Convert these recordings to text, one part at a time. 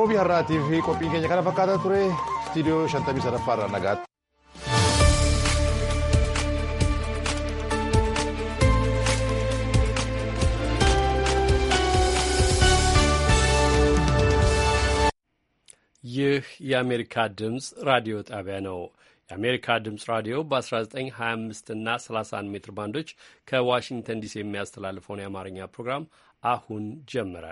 Roobi har'aatiif qophiin keenya kana fakkaataa ture istiidiyoo shantamii sadaffaarra nagaatti. ይህ የአሜሪካ ድምፅ ራዲዮ ጣቢያ ነው። የአሜሪካ ድምፅ ራዲዮ በ1925 እና 31 ሜትር ባንዶች ከዋሽንግተን ዲሲ የሚያስተላልፈውን የአማርኛ ፕሮግራም አሁን ጀመረ።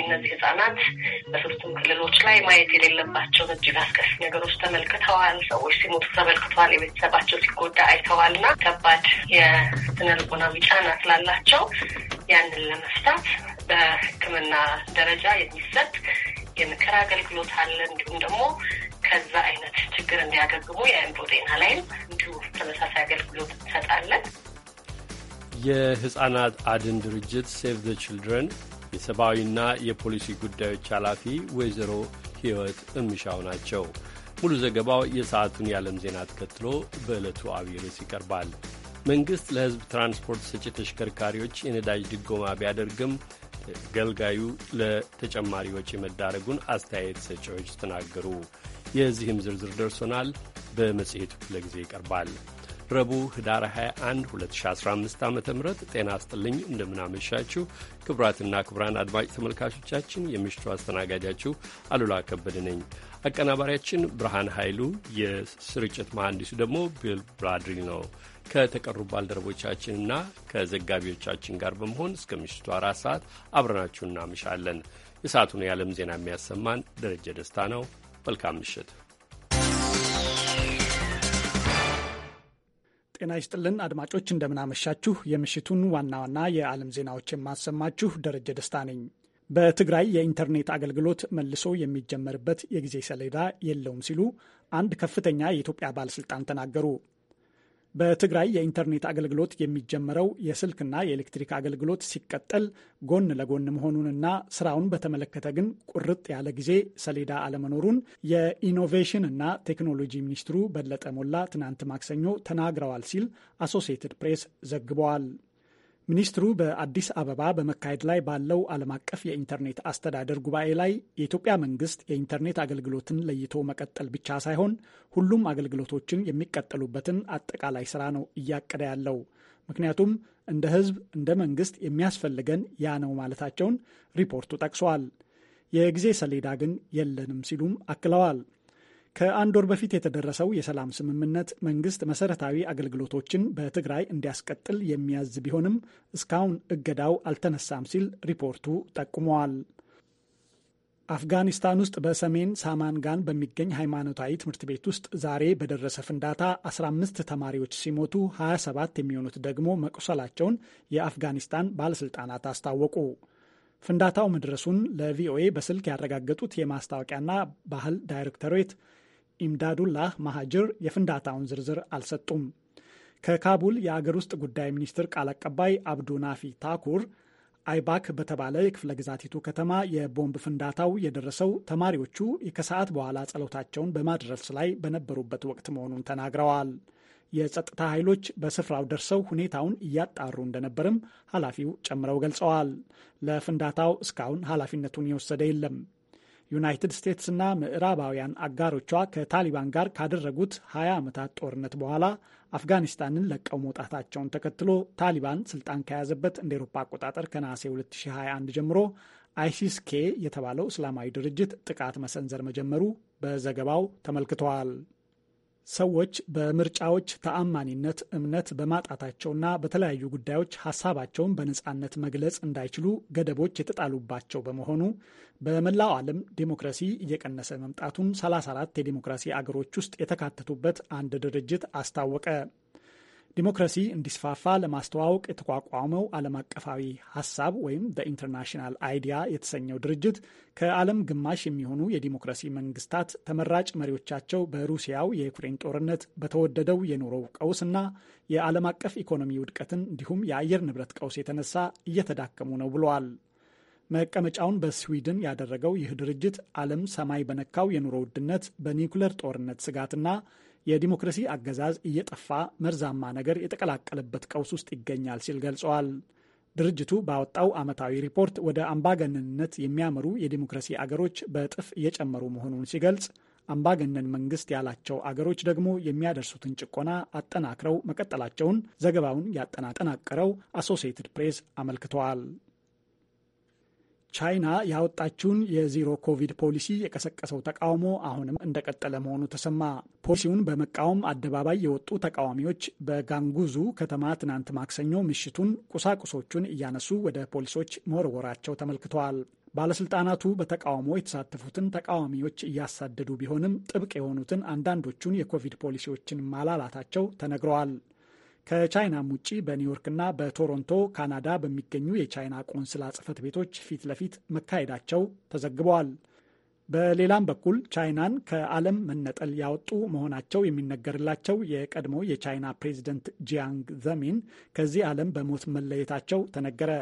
እነዚህ ህጻናት በሶስቱም ክልሎች ላይ ማየት የሌለባቸውን እጅግ አስከፊ ነገሮች ተመልክተዋል። ሰዎች ሲሞቱ ተመልክተዋል። የቤተሰባቸው ሲጎዳ አይተዋል እና ከባድ የስነ ልቦናዊ ጫና ስላላቸው ያንን ለመፍታት በሕክምና ደረጃ የሚሰጥ የምክር አገልግሎት አለ። እንዲሁም ደግሞ ከዛ አይነት ችግር እንዲያገግሙ የአእምሮ ጤና ላይም እንዲሁ ተመሳሳይ አገልግሎት እንሰጣለን። የህጻናት አድን ድርጅት ሴቭ ዘ ችልድረን የሰብአዊና የፖሊሲ ጉዳዮች ኃላፊ ወይዘሮ ህይወት እምሻው ናቸው። ሙሉ ዘገባው የሰዓቱን የዓለም ዜና ተከትሎ በዕለቱ አብይ ርዕስ ይቀርባል። መንግሥት ለሕዝብ ትራንስፖርት ሰጪ ተሽከርካሪዎች የነዳጅ ድጎማ ቢያደርግም ገልጋዩ ለተጨማሪ ወጪ መዳረጉን አስተያየት ሰጪዎች ተናገሩ። የዚህም ዝርዝር ደርሶናል። በመጽሔቱ ክፍለ ጊዜ ይቀርባል። ረቡዕ ህዳር 21 2015 ዓ ም ጤና ይስጥልኝ። እንደምናመሻችሁ ክቡራትና ክቡራን አድማጭ ተመልካቾቻችን የምሽቱ አስተናጋጃችሁ አሉላ ከበደ ነኝ። አቀናባሪያችን ብርሃን ኃይሉ፣ የስርጭት መሐንዲሱ ደግሞ ቢል ነው። ከተቀሩ ባልደረቦቻችንና ከዘጋቢዎቻችን ጋር በመሆን እስከ ምሽቱ አራት ሰዓት አብረናችሁ እናመሻለን። የሰዓቱን የዓለም ዜና የሚያሰማን ደረጀ ደስታ ነው። መልካም ምሽት። ጤና ይስጥልን አድማጮች፣ እንደምናመሻችሁ። የምሽቱን ዋና ዋና የዓለም ዜናዎች የማሰማችሁ ደረጀ ደስታ ነኝ። በትግራይ የኢንተርኔት አገልግሎት መልሶ የሚጀመርበት የጊዜ ሰሌዳ የለውም ሲሉ አንድ ከፍተኛ የኢትዮጵያ ባለስልጣን ተናገሩ። በትግራይ የኢንተርኔት አገልግሎት የሚጀመረው የስልክና የኤሌክትሪክ አገልግሎት ሲቀጠል ጎን ለጎን መሆኑንና ስራውን በተመለከተ ግን ቁርጥ ያለ ጊዜ ሰሌዳ አለመኖሩን የኢኖቬሽን እና ቴክኖሎጂ ሚኒስትሩ በለጠ ሞላ ትናንት ማክሰኞ ተናግረዋል ሲል አሶሲየትድ ፕሬስ ዘግበዋል። ሚኒስትሩ በአዲስ አበባ በመካሄድ ላይ ባለው ዓለም አቀፍ የኢንተርኔት አስተዳደር ጉባኤ ላይ የኢትዮጵያ መንግስት የኢንተርኔት አገልግሎትን ለይቶ መቀጠል ብቻ ሳይሆን ሁሉም አገልግሎቶችን የሚቀጠሉበትን አጠቃላይ ስራ ነው እያቀደ ያለው። ምክንያቱም እንደ ህዝብ፣ እንደ መንግስት የሚያስፈልገን ያ ነው ማለታቸውን ሪፖርቱ ጠቅሷል። የጊዜ ሰሌዳ ግን የለንም ሲሉም አክለዋል። ከአንድ ወር በፊት የተደረሰው የሰላም ስምምነት መንግስት መሰረታዊ አገልግሎቶችን በትግራይ እንዲያስቀጥል የሚያዝ ቢሆንም እስካሁን እገዳው አልተነሳም ሲል ሪፖርቱ ጠቁመዋል። አፍጋኒስታን ውስጥ በሰሜን ሳማንጋን በሚገኝ ሃይማኖታዊ ትምህርት ቤት ውስጥ ዛሬ በደረሰ ፍንዳታ 15 ተማሪዎች ሲሞቱ 27 የሚሆኑት ደግሞ መቁሰላቸውን የአፍጋኒስታን ባለሥልጣናት አስታወቁ። ፍንዳታው መድረሱን ለቪኦኤ በስልክ ያረጋገጡት የማስታወቂያና ባህል ዳይሬክቶሬት ኢምዳዱላህ ማሀጅር የፍንዳታውን ዝርዝር አልሰጡም። ከካቡል የአገር ውስጥ ጉዳይ ሚኒስትር ቃል አቀባይ አብዱ ናፊ ታኩር አይባክ በተባለ የክፍለ ግዛቲቱ ከተማ የቦምብ ፍንዳታው የደረሰው ተማሪዎቹ ከሰዓት በኋላ ጸሎታቸውን በማድረስ ላይ በነበሩበት ወቅት መሆኑን ተናግረዋል። የጸጥታ ኃይሎች በስፍራው ደርሰው ሁኔታውን እያጣሩ እንደነበርም ኃላፊው ጨምረው ገልጸዋል። ለፍንዳታው እስካሁን ኃላፊነቱን የወሰደ የለም። ዩናይትድ ስቴትስና ምዕራባውያን አጋሮቿ ከታሊባን ጋር ካደረጉት 20 ዓመታት ጦርነት በኋላ አፍጋኒስታንን ለቀው መውጣታቸውን ተከትሎ ታሊባን ስልጣን ከያዘበት እንደ ኤሮፓ አቆጣጠር ከነሐሴ 2021 ጀምሮ አይሲስ ኬ የተባለው እስላማዊ ድርጅት ጥቃት መሰንዘር መጀመሩ በዘገባው ተመልክተዋል። ሰዎች በምርጫዎች ተአማኒነት እምነት በማጣታቸውና በተለያዩ ጉዳዮች ሀሳባቸውን በነፃነት መግለጽ እንዳይችሉ ገደቦች የተጣሉባቸው በመሆኑ በመላው ዓለም ዴሞክራሲ እየቀነሰ መምጣቱን 34 የዴሞክራሲ አገሮች ውስጥ የተካተቱበት አንድ ድርጅት አስታወቀ። ዲሞክራሲ እንዲስፋፋ ለማስተዋወቅ የተቋቋመው ዓለም አቀፋዊ ሀሳብ ወይም በኢንተርናሽናል አይዲያ የተሰኘው ድርጅት ከዓለም ግማሽ የሚሆኑ የዲሞክራሲ መንግስታት ተመራጭ መሪዎቻቸው በሩሲያው የዩክሬን ጦርነት በተወደደው የኑሮው ቀውስና የዓለም አቀፍ ኢኮኖሚ ውድቀትን እንዲሁም የአየር ንብረት ቀውስ የተነሳ እየተዳከሙ ነው ብለዋል። መቀመጫውን በስዊድን ያደረገው ይህ ድርጅት ዓለም ሰማይ በነካው የኑሮ ውድነት፣ በኒውክለር ጦርነት ስጋትና የዲሞክራሲ አገዛዝ እየጠፋ መርዛማ ነገር የተቀላቀለበት ቀውስ ውስጥ ይገኛል ሲል ገልጸዋል። ድርጅቱ ባወጣው ዓመታዊ ሪፖርት ወደ አምባገነንነት የሚያመሩ የዲሞክራሲ አገሮች በእጥፍ እየጨመሩ መሆኑን ሲገልጽ አምባገነን መንግስት ያላቸው አገሮች ደግሞ የሚያደርሱትን ጭቆና አጠናክረው መቀጠላቸውን ዘገባውን ያጠናጠናቀረው አሶሲየትድ ፕሬስ አመልክተዋል። ቻይና ያወጣችውን የዜሮ ኮቪድ ፖሊሲ የቀሰቀሰው ተቃውሞ አሁንም እንደቀጠለ መሆኑ ተሰማ። ፖሊሲውን በመቃወም አደባባይ የወጡ ተቃዋሚዎች በጋንጉዙ ከተማ ትናንት ማክሰኞ ምሽቱን ቁሳቁሶቹን እያነሱ ወደ ፖሊሶች መወርወራቸው ተመልክተዋል። ባለስልጣናቱ በተቃውሞ የተሳተፉትን ተቃዋሚዎች እያሳደዱ ቢሆንም ጥብቅ የሆኑትን አንዳንዶቹን የኮቪድ ፖሊሲዎችን ማላላታቸው ተነግረዋል። ከቻይናም ውጭ በኒውዮርክና በቶሮንቶ ካናዳ በሚገኙ የቻይና ቆንስላ ጽህፈት ቤቶች ፊት ለፊት መካሄዳቸው ተዘግበዋል። በሌላም በኩል ቻይናን ከዓለም መነጠል ያወጡ መሆናቸው የሚነገርላቸው የቀድሞ የቻይና ፕሬዚደንት ጂያንግ ዘሚን ከዚህ ዓለም በሞት መለየታቸው ተነገረ።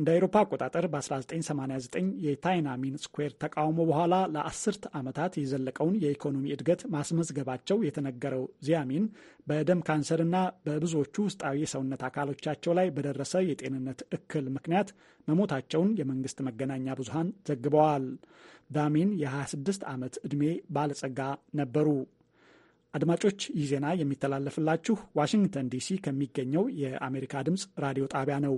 እንደ አውሮፓ አቆጣጠር በ1989 የታይናሚን ስኩዌር ተቃውሞ በኋላ ለአስርት ዓመታት የዘለቀውን የኢኮኖሚ እድገት ማስመዝገባቸው የተነገረው ዚያሚን በደም ካንሰርና በብዙዎቹ ውስጣዊ የሰውነት አካሎቻቸው ላይ በደረሰ የጤንነት እክል ምክንያት መሞታቸውን የመንግስት መገናኛ ብዙሃን ዘግበዋል። ዳሚን የ26 ዓመት ዕድሜ ባለጸጋ ነበሩ። አድማጮች ይህ ዜና የሚተላለፍላችሁ ዋሽንግተን ዲሲ ከሚገኘው የአሜሪካ ድምፅ ራዲዮ ጣቢያ ነው።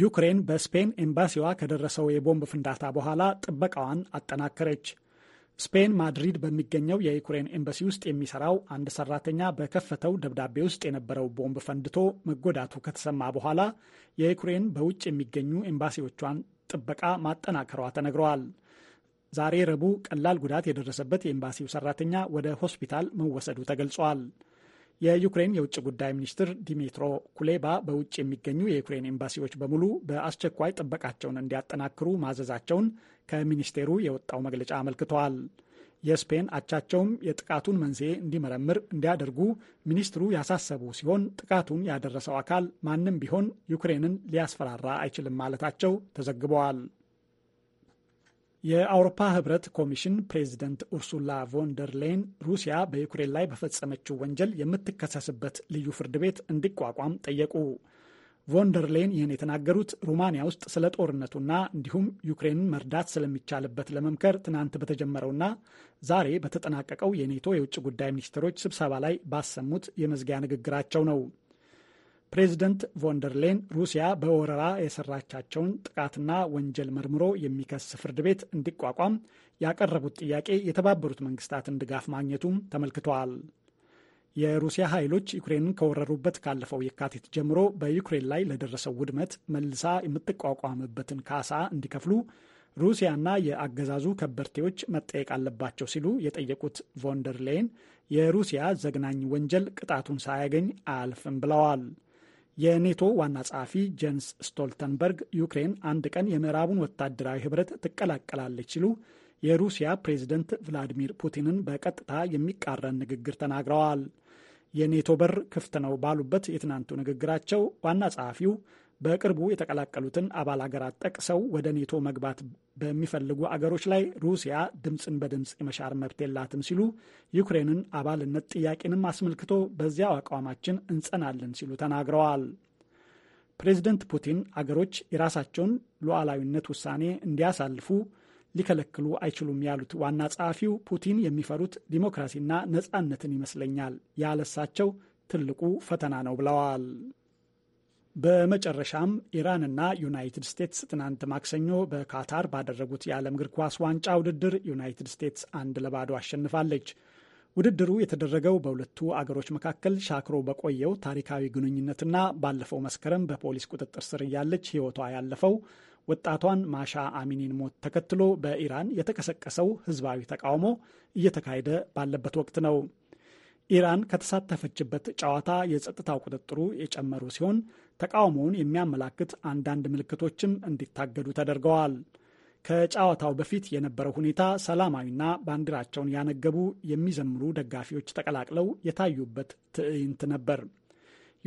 ዩክሬን በስፔን ኤምባሲዋ ከደረሰው የቦምብ ፍንዳታ በኋላ ጥበቃዋን አጠናከረች። ስፔን ማድሪድ በሚገኘው የዩክሬን ኤምባሲ ውስጥ የሚሰራው አንድ ሰራተኛ በከፈተው ደብዳቤ ውስጥ የነበረው ቦምብ ፈንድቶ መጎዳቱ ከተሰማ በኋላ የዩክሬን በውጭ የሚገኙ ኤምባሲዎቿን ጥበቃ ማጠናከሯ ተነግረዋል። ዛሬ ረቡዕ ቀላል ጉዳት የደረሰበት የኤምባሲው ሰራተኛ ወደ ሆስፒታል መወሰዱ ተገልጿል። የዩክሬን የውጭ ጉዳይ ሚኒስትር ዲሚትሮ ኩሌባ በውጭ የሚገኙ የዩክሬን ኤምባሲዎች በሙሉ በአስቸኳይ ጥበቃቸውን እንዲያጠናክሩ ማዘዛቸውን ከሚኒስቴሩ የወጣው መግለጫ አመልክተዋል። የስፔን አቻቸውም የጥቃቱን መንስኤ እንዲመረምር እንዲያደርጉ ሚኒስትሩ ያሳሰቡ ሲሆን ጥቃቱን ያደረሰው አካል ማንም ቢሆን ዩክሬንን ሊያስፈራራ አይችልም ማለታቸው ተዘግበዋል። የአውሮፓ ህብረት ኮሚሽን ፕሬዚደንት ኡርሱላ ቮንደርሌን ሩሲያ በዩክሬን ላይ በፈጸመችው ወንጀል የምትከሰስበት ልዩ ፍርድ ቤት እንዲቋቋም ጠየቁ። ቮንደርሌን ይህን የተናገሩት ሩማንያ ውስጥ ስለ ጦርነቱና እንዲሁም ዩክሬንን መርዳት ስለሚቻልበት ለመምከር ትናንት በተጀመረውና ዛሬ በተጠናቀቀው የኔቶ የውጭ ጉዳይ ሚኒስትሮች ስብሰባ ላይ ባሰሙት የመዝጊያ ንግግራቸው ነው። ፕሬዚደንት ቮንደርሌን ሩሲያ በወረራ የሰራቻቸውን ጥቃትና ወንጀል መርምሮ የሚከስ ፍርድ ቤት እንዲቋቋም ያቀረቡት ጥያቄ የተባበሩት መንግስታትን ድጋፍ ማግኘቱም ተመልክተዋል። የሩሲያ ኃይሎች ዩክሬንን ከወረሩበት ካለፈው የካቲት ጀምሮ በዩክሬን ላይ ለደረሰው ውድመት መልሳ የምትቋቋምበትን ካሳ እንዲከፍሉ ሩሲያና የአገዛዙ ከበርቴዎች መጠየቅ አለባቸው ሲሉ የጠየቁት ቮንደርሌን የሩሲያ ዘግናኝ ወንጀል ቅጣቱን ሳያገኝ አያልፍም ብለዋል። የኔቶ ዋና ጸሐፊ ጄንስ ስቶልተንበርግ ዩክሬን አንድ ቀን የምዕራቡን ወታደራዊ ህብረት ትቀላቀላለች ሲሉ የሩሲያ ፕሬዝደንት ቭላዲሚር ፑቲንን በቀጥታ የሚቃረን ንግግር ተናግረዋል። የኔቶ በር ክፍት ነው ባሉበት የትናንቱ ንግግራቸው ዋና ጸሐፊው በቅርቡ የተቀላቀሉትን አባል አገራት ጠቅሰው ወደ ኔቶ መግባት በሚፈልጉ አገሮች ላይ ሩሲያ ድምፅን በድምፅ የመሻር መብት የላትም ሲሉ ዩክሬንን አባልነት ጥያቄንም አስመልክቶ በዚያው አቋማችን እንጸናለን ሲሉ ተናግረዋል። ፕሬዚደንት ፑቲን አገሮች የራሳቸውን ሉዓላዊነት ውሳኔ እንዲያሳልፉ ሊከለክሉ አይችሉም ያሉት ዋና ጸሐፊው ፑቲን የሚፈሩት ዲሞክራሲና ነጻነትን ይመስለኛል፣ ያለሳቸው ትልቁ ፈተና ነው ብለዋል። በመጨረሻም ኢራንና ዩናይትድ ስቴትስ ትናንት ማክሰኞ በካታር ባደረጉት የዓለም እግር ኳስ ዋንጫ ውድድር ዩናይትድ ስቴትስ አንድ ለባዶ አሸንፋለች። ውድድሩ የተደረገው በሁለቱ አገሮች መካከል ሻክሮ በቆየው ታሪካዊ ግንኙነትና ባለፈው መስከረም በፖሊስ ቁጥጥር ስር እያለች ሕይወቷ ያለፈው ወጣቷን ማሻ አሚኒን ሞት ተከትሎ በኢራን የተቀሰቀሰው ሕዝባዊ ተቃውሞ እየተካሄደ ባለበት ወቅት ነው። ኢራን ከተሳተፈችበት ጨዋታ የጸጥታው ቁጥጥሩ የጨመሩ ሲሆን ተቃውሞውን የሚያመላክት አንዳንድ ምልክቶችም እንዲታገዱ ተደርገዋል። ከጨዋታው በፊት የነበረው ሁኔታ ሰላማዊና ባንዲራቸውን ያነገቡ የሚዘምሩ ደጋፊዎች ተቀላቅለው የታዩበት ትዕይንት ነበር።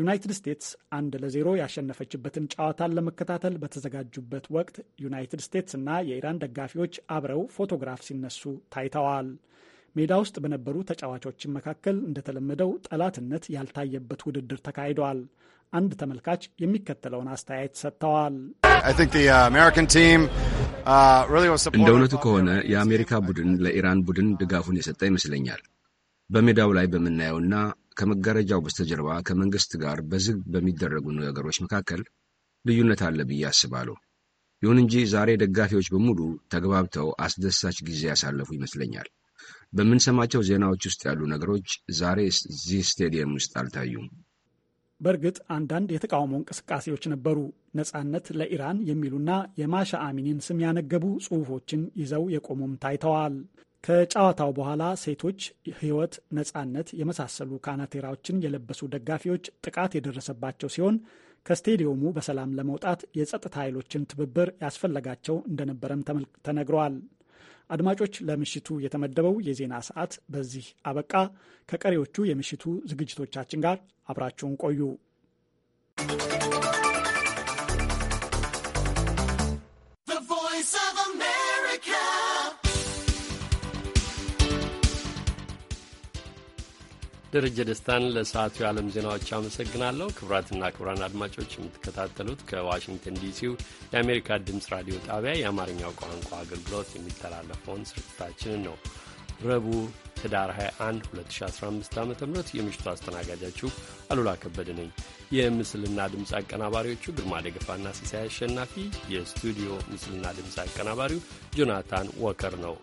ዩናይትድ ስቴትስ አንድ ለዜሮ ያሸነፈችበትን ጨዋታን ለመከታተል በተዘጋጁበት ወቅት ዩናይትድ ስቴትስ እና የኢራን ደጋፊዎች አብረው ፎቶግራፍ ሲነሱ ታይተዋል። ሜዳ ውስጥ በነበሩ ተጫዋቾችን መካከል እንደተለመደው ጠላትነት ያልታየበት ውድድር ተካሂደዋል። አንድ ተመልካች የሚከተለውን አስተያየት ሰጥተዋል። uh, uh, እንደ እውነቱ ከሆነ የአሜሪካ ቡድን ለኢራን ቡድን ድጋፉን የሰጠ ይመስለኛል። በሜዳው ላይ በምናየውና ከመጋረጃው በስተጀርባ ከመንግስት ጋር በዝግ በሚደረጉ ነገሮች መካከል ልዩነት አለ ብዬ አስባለሁ። ይሁን እንጂ ዛሬ ደጋፊዎች በሙሉ ተግባብተው አስደሳች ጊዜ ያሳለፉ ይመስለኛል። በምንሰማቸው ዜናዎች ውስጥ ያሉ ነገሮች ዛሬ እዚህ ስቴዲየም ውስጥ አልታዩም። በእርግጥ አንዳንድ የተቃውሞ እንቅስቃሴዎች ነበሩ። ነጻነት ለኢራን የሚሉና የማሻ አሚኒን ስም ያነገቡ ጽሑፎችን ይዘው የቆሙም ታይተዋል። ከጨዋታው በኋላ ሴቶች፣ ሕይወት፣ ነጻነት የመሳሰሉ ካናቴራዎችን የለበሱ ደጋፊዎች ጥቃት የደረሰባቸው ሲሆን ከስቴዲየሙ በሰላም ለመውጣት የጸጥታ ኃይሎችን ትብብር ያስፈለጋቸው እንደነበረም ተነግረዋል። አድማጮች፣ ለምሽቱ የተመደበው የዜና ሰዓት በዚህ አበቃ። ከቀሪዎቹ የምሽቱ ዝግጅቶቻችን ጋር አብራችሁን ቆዩ። ደረጀ ደስታን ለሰዓቱ የዓለም ዜናዎች አመሰግናለሁ። ክቡራትና ክቡራን አድማጮች የምትከታተሉት ከዋሽንግተን ዲሲው የአሜሪካ ድምፅ ራዲዮ ጣቢያ የአማርኛው ቋንቋ አገልግሎት የሚተላለፈውን ስርጭታችንን ነው። ረቡዕ ህዳር 21 2015 ዓ ም የምሽቱ አስተናጋጃችሁ አሉላ ከበደ ነኝ። የምስልና ድምፅ አቀናባሪዎቹ ግርማ ደገፋና ሲሳይ አሸናፊ፣ የስቱዲዮ ምስልና ድምፅ አቀናባሪው ጆናታን ወከር ነው።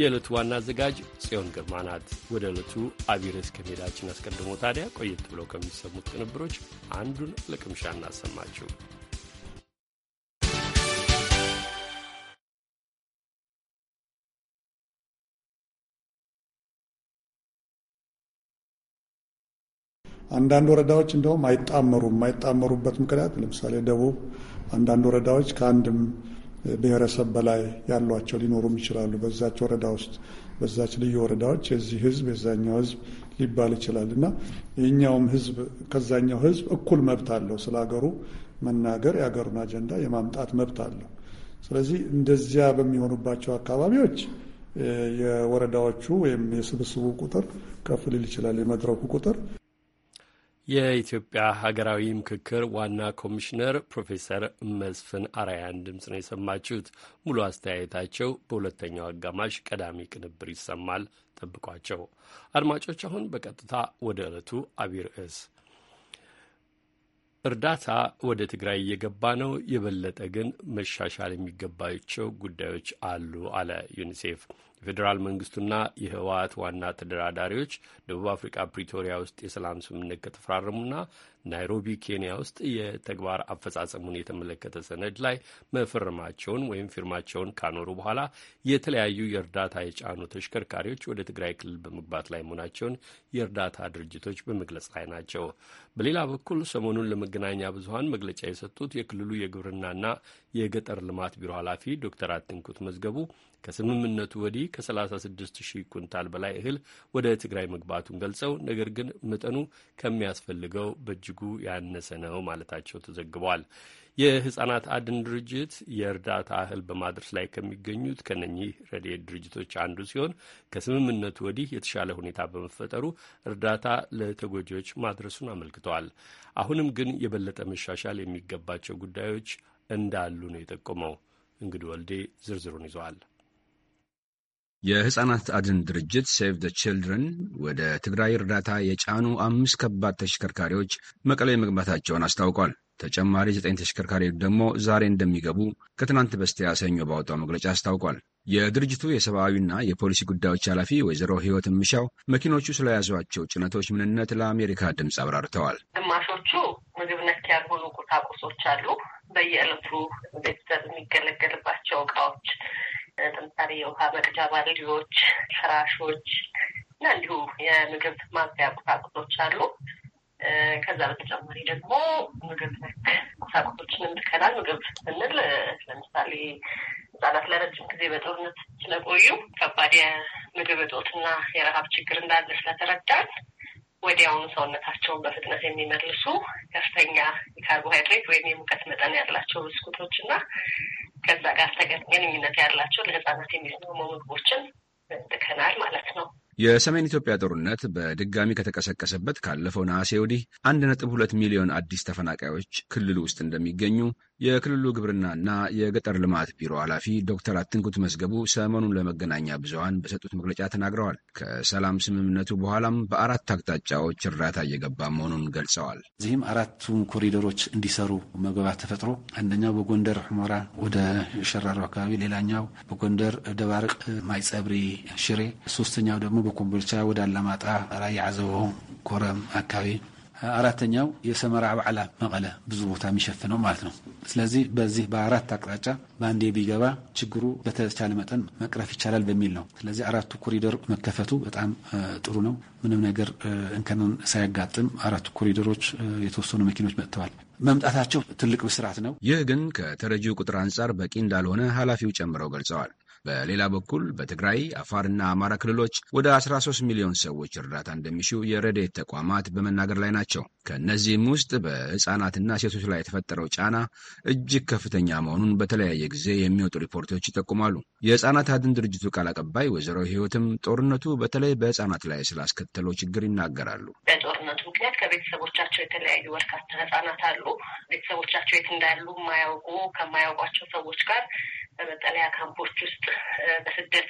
የዕለቱ ዋና አዘጋጅ ጽዮን ግርማ ናት። ወደ ዕለቱ አቢረስ ከመሄዳችን አስቀድሞ ታዲያ ቆየት ብለው ከሚሰሙት ቅንብሮች አንዱን ለቅምሻ እናሰማችሁ። አንዳንድ ወረዳዎች እንደውም አይጣመሩም። የማይጣመሩበት ምክንያት ለምሳሌ ደቡብ አንዳንድ ወረዳዎች ከአንድም ብሔረሰብ በላይ ያሏቸው ሊኖሩም ይችላሉ። በዛች ወረዳ ውስጥ በዛች ልዩ ወረዳዎች የዚህ ህዝብ የዛኛው ህዝብ ሊባል ይችላል እና የኛውም ህዝብ ከዛኛው ህዝብ እኩል መብት አለው። ስለ ሀገሩ መናገር የሀገሩን አጀንዳ የማምጣት መብት አለው። ስለዚህ እንደዚያ በሚሆኑባቸው አካባቢዎች የወረዳዎቹ ወይም የስብስቡ ቁጥር ከፍ ሊል ይችላል፣ የመድረኩ ቁጥር የኢትዮጵያ ሀገራዊ ምክክር ዋና ኮሚሽነር ፕሮፌሰር መስፍን አራያን ድምፅ ነው የሰማችሁት። ሙሉ አስተያየታቸው በሁለተኛው አጋማሽ ቀዳሚ ቅንብር ይሰማል። ጠብቋቸው አድማጮች። አሁን በቀጥታ ወደ ዕለቱ አቢይ ርዕስ እርዳታ ወደ ትግራይ እየገባ ነው፣ የበለጠ ግን መሻሻል የሚገባቸው ጉዳዮች አሉ አለ ዩኒሴፍ። የፌዴራል መንግስቱና የህወሀት ዋና ተደራዳሪዎች ደቡብ አፍሪካ ፕሪቶሪያ ውስጥ የሰላም ስምምነት ከተፈራረሙና ናይሮቢ ኬንያ ውስጥ የተግባር አፈጻጸሙን የተመለከተ ሰነድ ላይ መፈረማቸውን ወይም ፊርማቸውን ካኖሩ በኋላ የተለያዩ የእርዳታ የጫኑ ተሽከርካሪዎች ወደ ትግራይ ክልል በመግባት ላይ መሆናቸውን የእርዳታ ድርጅቶች በመግለጽ ላይ ናቸው። በሌላ በኩል ሰሞኑን ለመገናኛ ብዙሀን መግለጫ የሰጡት የክልሉ የግብርናና የገጠር ልማት ቢሮ ኃላፊ ዶክተር አትንኩት መዝገቡ ከስምምነቱ ወዲህ ከ36 ሺህ ኩንታል በላይ እህል ወደ ትግራይ መግባቱን ገልጸው ነገር ግን መጠኑ ከሚያስፈልገው በእጅጉ ያነሰ ነው ማለታቸው ተዘግቧል። የህጻናት አድን ድርጅት የእርዳታ እህል በማድረስ ላይ ከሚገኙት ከነኚህ ረድኤት ድርጅቶች አንዱ ሲሆን ከስምምነቱ ወዲህ የተሻለ ሁኔታ በመፈጠሩ እርዳታ ለተጎጂዎች ማድረሱን አመልክተዋል። አሁንም ግን የበለጠ መሻሻል የሚገባቸው ጉዳዮች እንዳሉ ነው የጠቆመው። እንግዲህ ወልዴ ዝርዝሩን ይዘዋል። የህፃናት አድን ድርጅት ሴቭ ደ ችልድረን ወደ ትግራይ እርዳታ የጫኑ አምስት ከባድ ተሽከርካሪዎች መቀሌ መግባታቸውን አስታውቋል። ተጨማሪ ዘጠኝ ተሽከርካሪዎች ደግሞ ዛሬ እንደሚገቡ ከትናንት በስቲያ ሰኞ ባወጣው መግለጫ አስታውቋል። የድርጅቱ የሰብአዊና የፖሊሲ ጉዳዮች ኃላፊ ወይዘሮ ህይወት ምሻው መኪኖቹ ስለያዟቸው ጭነቶች ምንነት ለአሜሪካ ድምፅ አብራርተዋል። ግማሾቹ ምግብ ነክ ያልሆኑ ቁሳቁሶች አሉ። በየዕለቱ ቤተሰብ የሚገለገልባቸው እቃዎች ለምሳሌ የውሃ መቅጃ ባልዲዎች፣ ፍራሾች እና እንዲሁ የምግብ ማብያ ቁሳቁሶች አሉ። ከዛ በተጨማሪ ደግሞ ምግብ ነክ ቁሳቁሶችን ምትከላል። ምግብ ስንል ለምሳሌ ህጻናት ለረጅም ጊዜ በጦርነት ስለቆዩ ከባድ የምግብ እጦት እጦትና የረሀብ ችግር እንዳለ ስለተረዳን ወዲያውኑ ሰውነታቸውን በፍጥነት የሚመልሱ ከፍተኛ የካርቦሃይድሬት ወይም የሙቀት መጠን ያላቸው ብስኩቶች እና ከዛ ጋር ተገ- ግንኙነት ያላቸው ለህጻናት የሚስማሙ ምግቦችን ልከናል ማለት ነው። የሰሜን ኢትዮጵያ ጦርነት በድጋሚ ከተቀሰቀሰበት ካለፈው ነሐሴ ወዲህ አንድ ነጥብ ሁለት ሚሊዮን አዲስ ተፈናቃዮች ክልሉ ውስጥ እንደሚገኙ የክልሉ ግብርናና የገጠር ልማት ቢሮ ኃላፊ ዶክተር አትንኩት መስገቡ ሰሞኑን ለመገናኛ ብዙሃን በሰጡት መግለጫ ተናግረዋል። ከሰላም ስምምነቱ በኋላም በአራት አቅጣጫዎች እርዳታ እየገባ መሆኑን ገልጸዋል። እዚህም አራቱም ኮሪደሮች እንዲሰሩ መግባባት ተፈጥሮ አንደኛው በጎንደር ሑመራ ወደ ሸራሮ አካባቢ፣ ሌላኛው በጎንደር ደባርቅ ማይ ጸብሪ ሽሬ፣ ሶስተኛው ደግሞ በኮምቦልቻ ወደ አላማጣ ራያ አዘቦ ኮረም አካባቢ አራተኛው የሰመራ በዓላ መቀለ ብዙ ቦታ የሚሸፍነው ማለት ነው። ስለዚህ በዚህ በአራት አቅጣጫ በአንዴ ቢገባ ችግሩ በተቻለ መጠን መቅረፍ ይቻላል በሚል ነው። ስለዚህ አራቱ ኮሪደር መከፈቱ በጣም ጥሩ ነው። ምንም ነገር እንከንን ሳያጋጥም አራቱ ኮሪደሮች የተወሰኑ መኪኖች መጥተዋል። መምጣታቸው ትልቅ ብስራት ነው። ይህ ግን ከተረጂው ቁጥር አንጻር በቂ እንዳልሆነ ኃላፊው ጨምረው ገልጸዋል። በሌላ በኩል በትግራይ አፋርና አማራ ክልሎች ወደ 13 ሚሊዮን ሰዎች እርዳታ እንደሚሹ የረድኤት ተቋማት በመናገር ላይ ናቸው። ከእነዚህም ውስጥ በሕፃናትና ሴቶች ላይ የተፈጠረው ጫና እጅግ ከፍተኛ መሆኑን በተለያየ ጊዜ የሚወጡ ሪፖርቶች ይጠቁማሉ። የሕፃናት አድን ድርጅቱ ቃል አቀባይ ወይዘሮ ህይወትም ጦርነቱ በተለይ በሕፃናት ላይ ስላስከተለው ችግር ይናገራሉ። በጦርነቱ ምክንያት ከቤተሰቦቻቸው የተለያዩ በርካታ ሕፃናት አሉ። ቤተሰቦቻቸው የት እንዳሉ ማያውቁ ከማያውቋቸው ሰዎች ጋር በመጠለያ ካምፖች ውስጥ በስደት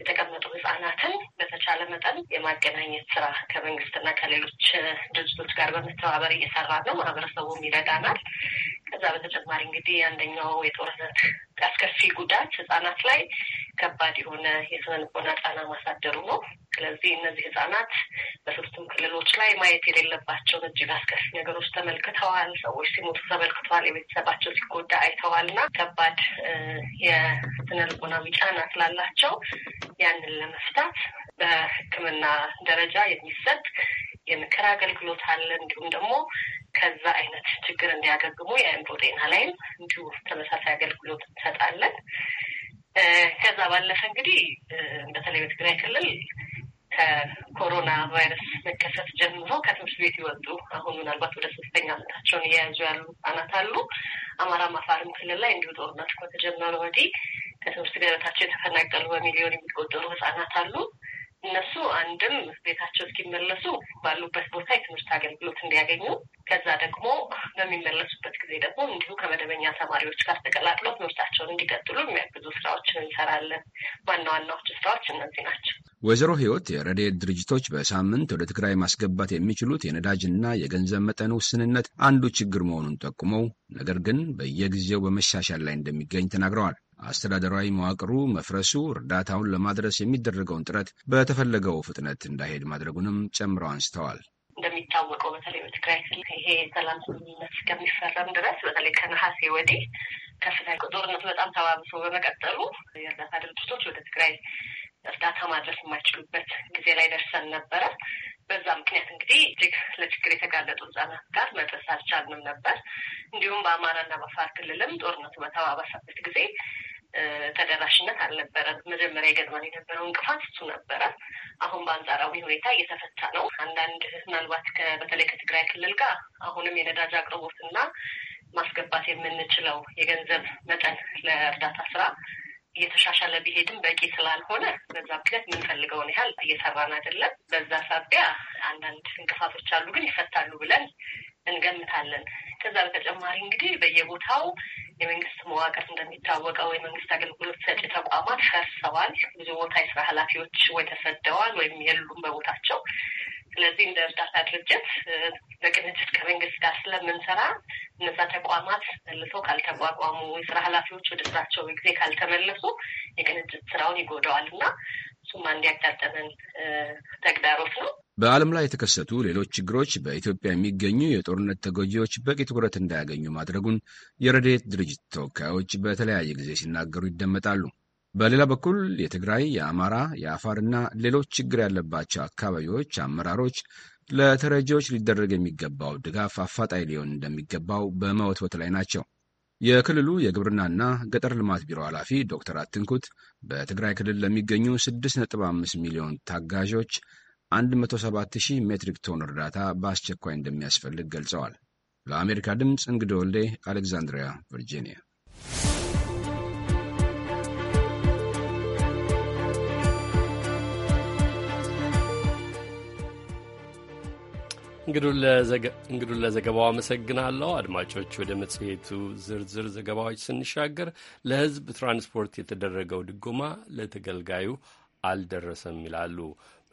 የተቀመጡ ህጻናትን በተቻለ መጠን የማገናኘት ስራ ከመንግስትና ከሌሎች ድርጅቶች ጋር በመተባበር እየሰራ ነው። ማህበረሰቡም ይረዳናል። ከዛ በተጨማሪ እንግዲህ አንደኛው የጦርነት አስከፊ ጉዳት ህጻናት ላይ ከባድ የሆነ የስነ ልቦና ጫና ማሳደሩ ነው። ስለዚህ እነዚህ ህጻናት በሶስቱም ክልሎች ላይ ማየት የሌለባቸውን እጅግ አስከፊ ነገሮች ተመልክተዋል። ሰዎች ሲሞቱ ተመልክተዋል። የቤተሰባቸው ሲጎዳ አይተዋል እና ከባድ የስነ ቢጫና ጫና ስላላቸው ያንን ለመፍታት በሕክምና ደረጃ የሚሰጥ የምክር አገልግሎት አለ። እንዲሁም ደግሞ ከዛ አይነት ችግር እንዲያገግሙ የአእምሮ ጤና ላይም እንዲሁ ተመሳሳይ አገልግሎት እንሰጣለን። ከዛ ባለፈ እንግዲህ በተለይ በትግራይ ክልል ከኮሮና ቫይረስ መከሰት ጀምሮ ከትምህርት ቤት የወጡ አሁን ምናልባት ወደ ሶስተኛ ዓመታቸውን እየያዙ ያሉ ህጻናት አሉ። አማራ ማፋርም ክልል ላይ እንዲሁ ጦርነት ከተጀመረ ወዲህ ከትምህርት ገበታቸው የተፈናቀሉ በሚሊዮን የሚቆጠሩ ህጻናት አሉ። እነሱ አንድም ቤታቸው እስኪመለሱ ባሉበት ቦታ የትምህርት አገልግሎት እንዲያገኙ ከዛ ደግሞ በሚመለሱበት ጊዜ ደግሞ እንዲሁ ከመደበኛ ተማሪዎች ጋር ተቀላቅለው ትምህርታቸውን እንዲቀጥሉ የሚያግዙ ስራዎችን እንሰራለን። ዋና ዋናዎቹ ስራዎች እነዚህ ናቸው። ወይዘሮ ህይወት የረድኤት ድርጅቶች በሳምንት ወደ ትግራይ ማስገባት የሚችሉት የነዳጅና የገንዘብ መጠን ውስንነት አንዱ ችግር መሆኑን ጠቁመው ነገር ግን በየጊዜው በመሻሻል ላይ እንደሚገኝ ተናግረዋል። አስተዳደራዊ መዋቅሩ መፍረሱ እርዳታውን ለማድረስ የሚደረገውን ጥረት በተፈለገው ፍጥነት እንዳይሄድ ማድረጉንም ጨምረው አንስተዋል። እንደሚታወቀው በተለይ በትግራይ ክልል ይሄ ሰላም ስምምነት እስከሚፈረም ድረስ በተለይ ከነሐሴ ወዲህ ከፍታ ጦርነቱ በጣም ተባብሶ በመቀጠሉ የእርዳታ ድርጅቶች ወደ ትግራይ እርዳታ ማድረስ የማይችሉበት ጊዜ ላይ ደርሰን ነበረ። በዛ ምክንያት እንግዲህ እጅግ ለችግር የተጋለጡ ህጻናት ጋር መድረስ አልቻልንም ነበር። እንዲሁም በአማራና በአፋር ክልልም ጦርነቱ በተባባሰበት ጊዜ ተደራሽነት አልነበረ። መጀመሪያ የገጥመን የነበረው እንቅፋት እሱ ነበረ። አሁን በአንጻራዊ ሁኔታ እየተፈታ ነው። አንዳንድ ምናልባት በተለይ ከትግራይ ክልል ጋር አሁንም የነዳጅ አቅርቦትና ማስገባት የምንችለው የገንዘብ መጠን ለእርዳታ ስራ እየተሻሻለ ቢሄድም በቂ ስላልሆነ በዛ ምክንያት የምንፈልገውን ያህል እየሰራን አይደለም። በዛ ሳቢያ አንዳንድ እንቅፋቶች አሉ፣ ግን ይፈታሉ ብለን እንገምታለን። ከዛ በተጨማሪ እንግዲህ በየቦታው የመንግስት መዋቅር እንደሚታወቀው የመንግስት አገልግሎት ሰጪ ተቋማት ፈርሰዋል። ብዙ ቦታ የስራ ኃላፊዎች ወይ ተሰደዋል ወይም የሉም በቦታቸው። ስለዚህ እንደ እርዳታ ድርጅት በቅንጅት ከመንግስት ጋር ስለምንሰራ እነዛ ተቋማት መልሶ ካልተቋቋሙ የስራ ኃላፊዎች ወደ ስራቸው ጊዜ ካልተመለሱ የቅንጅት ስራውን ይጎደዋል እና እሱም አንድ ያጋጠመን ተግዳሮት ነው። በዓለም ላይ የተከሰቱ ሌሎች ችግሮች በኢትዮጵያ የሚገኙ የጦርነት ተጎጂዎች በቂ ትኩረት እንዳያገኙ ማድረጉን የረድኤት ድርጅት ተወካዮች በተለያየ ጊዜ ሲናገሩ ይደመጣሉ። በሌላ በኩል የትግራይ፣ የአማራ፣ የአፋርና ሌሎች ችግር ያለባቸው አካባቢዎች አመራሮች ለተረጂዎች ሊደረግ የሚገባው ድጋፍ አፋጣኝ ሊሆን እንደሚገባው በመወትወት ላይ ናቸው። የክልሉ የግብርናና ገጠር ልማት ቢሮ ኃላፊ ዶክተር አትንኩት በትግራይ ክልል ለሚገኙ 6.5 ሚሊዮን ታጋዦች 107 ሺህ ሜትሪክ ቶን እርዳታ በአስቸኳይ እንደሚያስፈልግ ገልጸዋል። ለአሜሪካ ድምፅ እንግዳ ወልዴ አሌክዛንድሪያ ቨርጂኒያ። እንግዱን ለዘገባው አመሰግናለሁ። አድማጮች ወደ መጽሔቱ ዝርዝር ዘገባዎች ስንሻገር ለሕዝብ ትራንስፖርት የተደረገው ድጎማ ለተገልጋዩ አልደረሰም ይላሉ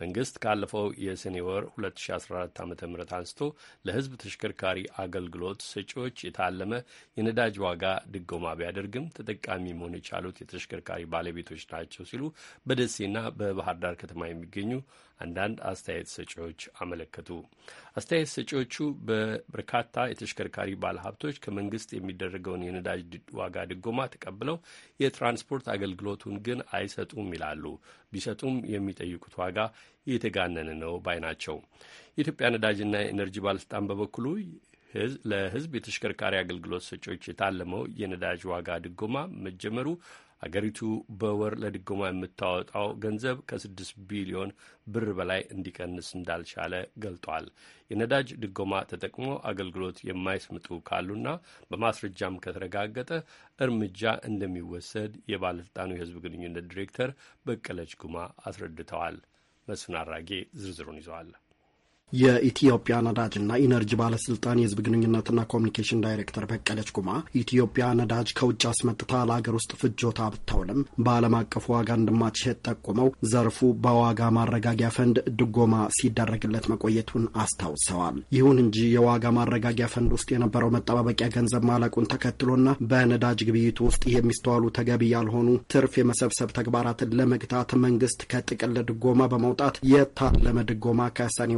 መንግስት ካለፈው የሰኔ ወር 2014 ዓ ም አንስቶ ለህዝብ ተሽከርካሪ አገልግሎት ሰጪዎች የታለመ የነዳጅ ዋጋ ድጎማ ቢያደርግም ተጠቃሚ መሆን የቻሉት የተሽከርካሪ ባለቤቶች ናቸው ሲሉ በደሴና በባህር ዳር ከተማ የሚገኙ አንዳንድ አስተያየት ሰጪዎች አመለከቱ። አስተያየት ሰጪዎቹ በበርካታ የተሽከርካሪ ባለሀብቶች ከመንግስት የሚደረገውን የነዳጅ ዋጋ ድጎማ ተቀብለው የትራንስፖርት አገልግሎቱን ግን አይሰጡም ይላሉ። ቢሰጡም የሚጠይቁት ዋጋ የተጋነነ ነው ባይ ናቸው። የኢትዮጵያ ነዳጅና ኢነርጂ ባለስልጣን በበኩሉ ለህዝብ የተሽከርካሪ አገልግሎት ሰጪዎች የታለመው የነዳጅ ዋጋ ድጎማ መጀመሩ አገሪቱ በወር ለድጎማ የምታወጣው ገንዘብ ከስድስት ቢሊዮን ብር በላይ እንዲቀንስ እንዳልቻለ ገልጧል። የነዳጅ ድጎማ ተጠቅሞ አገልግሎት የማይስምጡ ካሉና በማስረጃም ከተረጋገጠ እርምጃ እንደሚወሰድ የባለስልጣኑ የህዝብ ግንኙነት ዲሬክተር በቀለች ጉማ አስረድተዋል። መስፍን አራጌ ዝርዝሩን ይዘዋል። የኢትዮጵያ ነዳጅና ኢነርጂ ባለስልጣን የህዝብ ግንኙነትና ኮሚኒኬሽን ዳይሬክተር በቀለች ጉማ ኢትዮጵያ ነዳጅ ከውጭ አስመጥታ ለሀገር ውስጥ ፍጆታ ብታውልም በዓለም አቀፉ ዋጋ እንደማትሸጥ ጠቁመው ዘርፉ በዋጋ ማረጋጊያ ፈንድ ድጎማ ሲደረግለት መቆየቱን አስታውሰዋል። ይሁን እንጂ የዋጋ ማረጋጊያ ፈንድ ውስጥ የነበረው መጠባበቂያ ገንዘብ ማለቁን ተከትሎና በነዳጅ ግብይቱ ውስጥ የሚስተዋሉ ተገቢ ያልሆኑ ትርፍ የመሰብሰብ ተግባራትን ለመግታት መንግስት ከጥቅል ድጎማ በመውጣት የታለመ ድጎማ ከሰኔ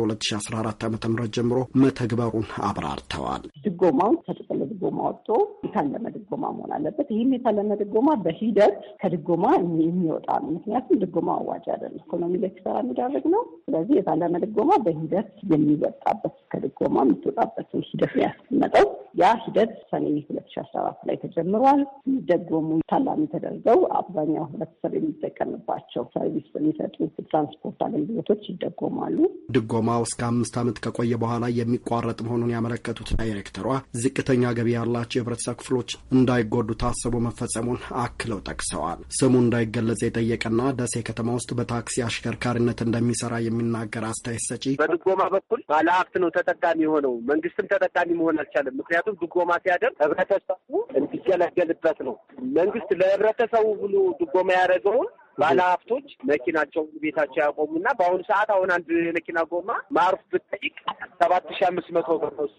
2014 ዓ ም ጀምሮ መተግበሩን አብራርተዋል። ድጎማው ከጥቅል ድጎማ ወጥቶ የታለመ ድጎማ መሆን አለበት። ይህም የታለመ ድጎማ በሂደት ከድጎማ የሚወጣ ነው። ምክንያቱም ድጎማ አዋጭ አይደለም፣ ኢኮኖሚ ላይ ኪሳራ የሚዳርግ ነው። ስለዚህ የታለመ ድጎማ በሂደት የሚወጣበት ከድጎማ የምትወጣበትን ሂደት ነው ያስቀመጠው። ያ ሂደት ሰኔ ሁለት ሺ አስራ አራት ላይ ተጀምሯል። የሚደጎሙ ታላሚ ተደርገው አብዛኛው ህብረተሰብ የሚጠቀምባቸው ሰርቪስ በሚሰጡ ትራንስፖርት አገልግሎቶች ይደጎማሉ። ድጎማው እስከ አምስት ዓመት ከቆየ በኋላ የሚቋረጥ መሆኑን ያመለከቱት ዳይሬክተሯ ዝቅተኛ ገቢ ያላቸው የህብረተሰብ ክፍሎች እንዳይጎዱ ታስቦ መፈጸሙን አክለው ጠቅሰዋል። ስሙ እንዳይገለጽ የጠየቀና ደሴ ከተማ ውስጥ በታክሲ አሽከርካሪነት እንደሚሰራ የሚናገር አስተያየት ሰጪ በድጎማ በኩል ባለሀብት ነው ተጠቃሚ የሆነው፣ መንግስትም ተጠቃሚ መሆን አልቻለም። ምክንያቱም ድጎማ ሲያደርግ ህብረተሰቡ እንዲገለገልበት ነው። መንግስት ለህብረተሰቡ ብሎ ድጎማ ያደረገውን ባለሀብቶች መኪናቸውን ቤታቸው ያቆሙና በአሁኑ ሰዓት አሁን አንድ መኪና ጎማ ማሩፍ ብትጠይቅ ሰባት ሺ አምስት መቶ ብር ነው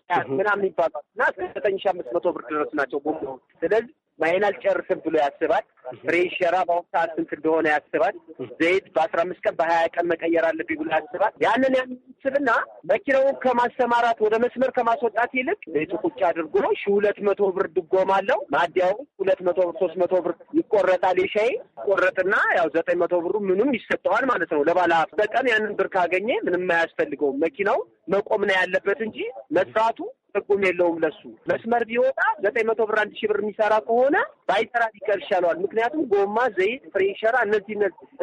ምናምን ይባላል እና እስከ ዘጠኝ ሺ አምስት መቶ ብር ድረስ ናቸው ጎማ። ስለዚህ ማይን አልጨርስም ብሎ ያስባል። ፍሬሽራ በአሁኑ ሰዓት ስንት እንደሆነ ያስባል። ዘይት በአስራ አምስት ቀን በሀያ ቀን መቀየር አለብኝ ብሎ ያስባል። ያንን ያስብና መኪናውን ከማሰማራት ወደ መስመር ከማስወጣት ይልቅ ቤቱ ቁጭ አድርጎ ሺ ሁለት መቶ ብር ድጎማ አለው። ማዲያው ሁለት መቶ ብር ሶስት መቶ ብር ይቆረጣል። የሻይ ቆረጥና ያው ዘጠኝ መቶ ብሩ ምንም ይሰጠዋል ማለት ነው ለባለ በቀን ያንን ብር ካገኘ ምንም አያስፈልገውም። መኪናው መቆም ነው ያለበት እንጂ መስራቱ ትርጉም የለውም ለሱ። መስመር ቢወጣ ዘጠኝ መቶ ብር አንድ ሺህ ብር የሚሰራ ከሆነ ባይሰራ ሊቀር ይሻለዋል። ምክንያቱም ጎማ፣ ዘይት፣ ፍሬንሸራ እነዚህ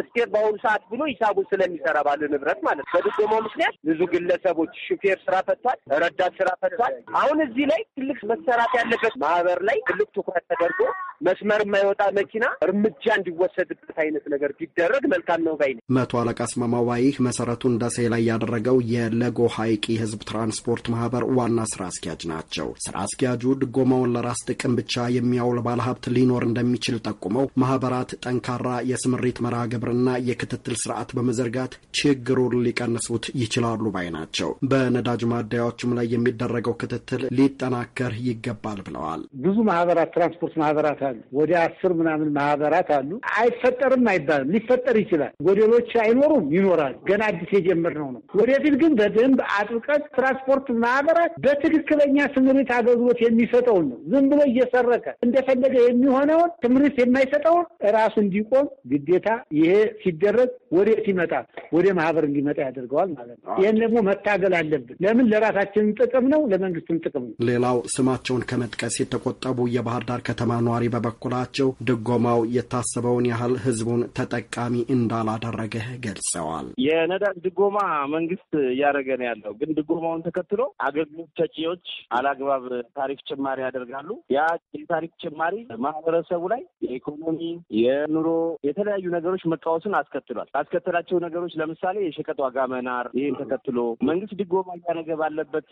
እስቴት በአሁኑ ሰዓት ብሎ ሂሳቡን ስለሚሰራ ባለ ንብረት ማለት ነው። በድጎማው ምክንያት ብዙ ግለሰቦች ሹፌር ስራ ፈቷል፣ ረዳት ስራ ፈቷል። አሁን እዚህ ላይ ትልቅ መሰራት ያለበት ማህበር ላይ ትልቅ ትኩረት ተደርጎ መስመር የማይወጣ መኪና እርምጃ እንዲወሰድበት አይነት ነገር ቢደረግ መልካም ነው ባይ መቶ አለቃ አስማማው መሰረቱን ደሴ ላይ ያደረገው የለጎ ሀይቅ የህዝብ ትራንስፖርት ማህበር ዋና ስራ አስኪያጅ ናቸው። ስራ አስኪያጁ ድጎማውን ለራስ ጥቅም ብቻ የሚያውል ባለሀብት ሊኖር እንደሚችል ጠቁመው ማህበራት ጠንካራ የስምሪት መርሃ ግብርና የክትትል ስርዓት በመዘርጋት ችግሩን ሊቀንሱት ይችላሉ ባይ ናቸው። በነዳጅ ማደያዎችም ላይ የሚደረገው ክትትል ሊጠናከር ይገባል ብለዋል። ብዙ ማህበራት ትራንስፖርት ማህበራት አሉ። ወደ አስር ምናምን ማህበራት አሉ። አይፈጠርም አይባልም፣ ሊፈጠር ይችላል። ጎደሎች አይኖሩም፣ ይኖራል። ገና አዲስ የጀመርነው ነው። ወደፊት ግን በደንብ አጥብቀት ትራንስፖርት ማህበራት በትክክለኛ ስምሪት አገልግሎት የሚሰጠውን ነው። ዝም ብሎ እየሰረቀ እንደፈለገ የሚሆነውን ትምህርት የማይሰጠውን ራሱ እንዲቆም ግዴታ። ይሄ ሲደረግ ወዴት ይመጣል? ወደ ማህበር እንዲመጣ ያደርገዋል ማለት ነው። ይህን ደግሞ መታገል አለብን። ለምን? ለራሳችንም ጥቅም ነው፣ ለመንግስትም ጥቅም ነው። ሌላው ስማቸውን ከመጥቀስ የተቆጠቡ የባህር ዳር ከተማ ነዋሪ በበኩላቸው ድጎማው የታሰበውን ያህል ህዝቡን ተጠቃሚ እንዳላደረገ ገልጸዋል። የነዳጅ ድጎማ መንግስት እያደረገ ነው ያለው፣ ግን ድጎማውን ተከትሎ አገልግሎት ሰጪዎች አላግባብ ታሪፍ ጭማሪ ያደርጋሉ። ያ የታሪፍ ጭማሪ ማህበረሰቡ ላይ የኢኮኖሚ የኑሮ የተለያዩ ነገሮች መቃወስን አስከትሏል። ካስከተላቸው ነገሮች ለምሳሌ የሸቀጥ ዋጋ መናር፣ ይህን ተከትሎ መንግስት ድጎማ እያደረገ ባለበት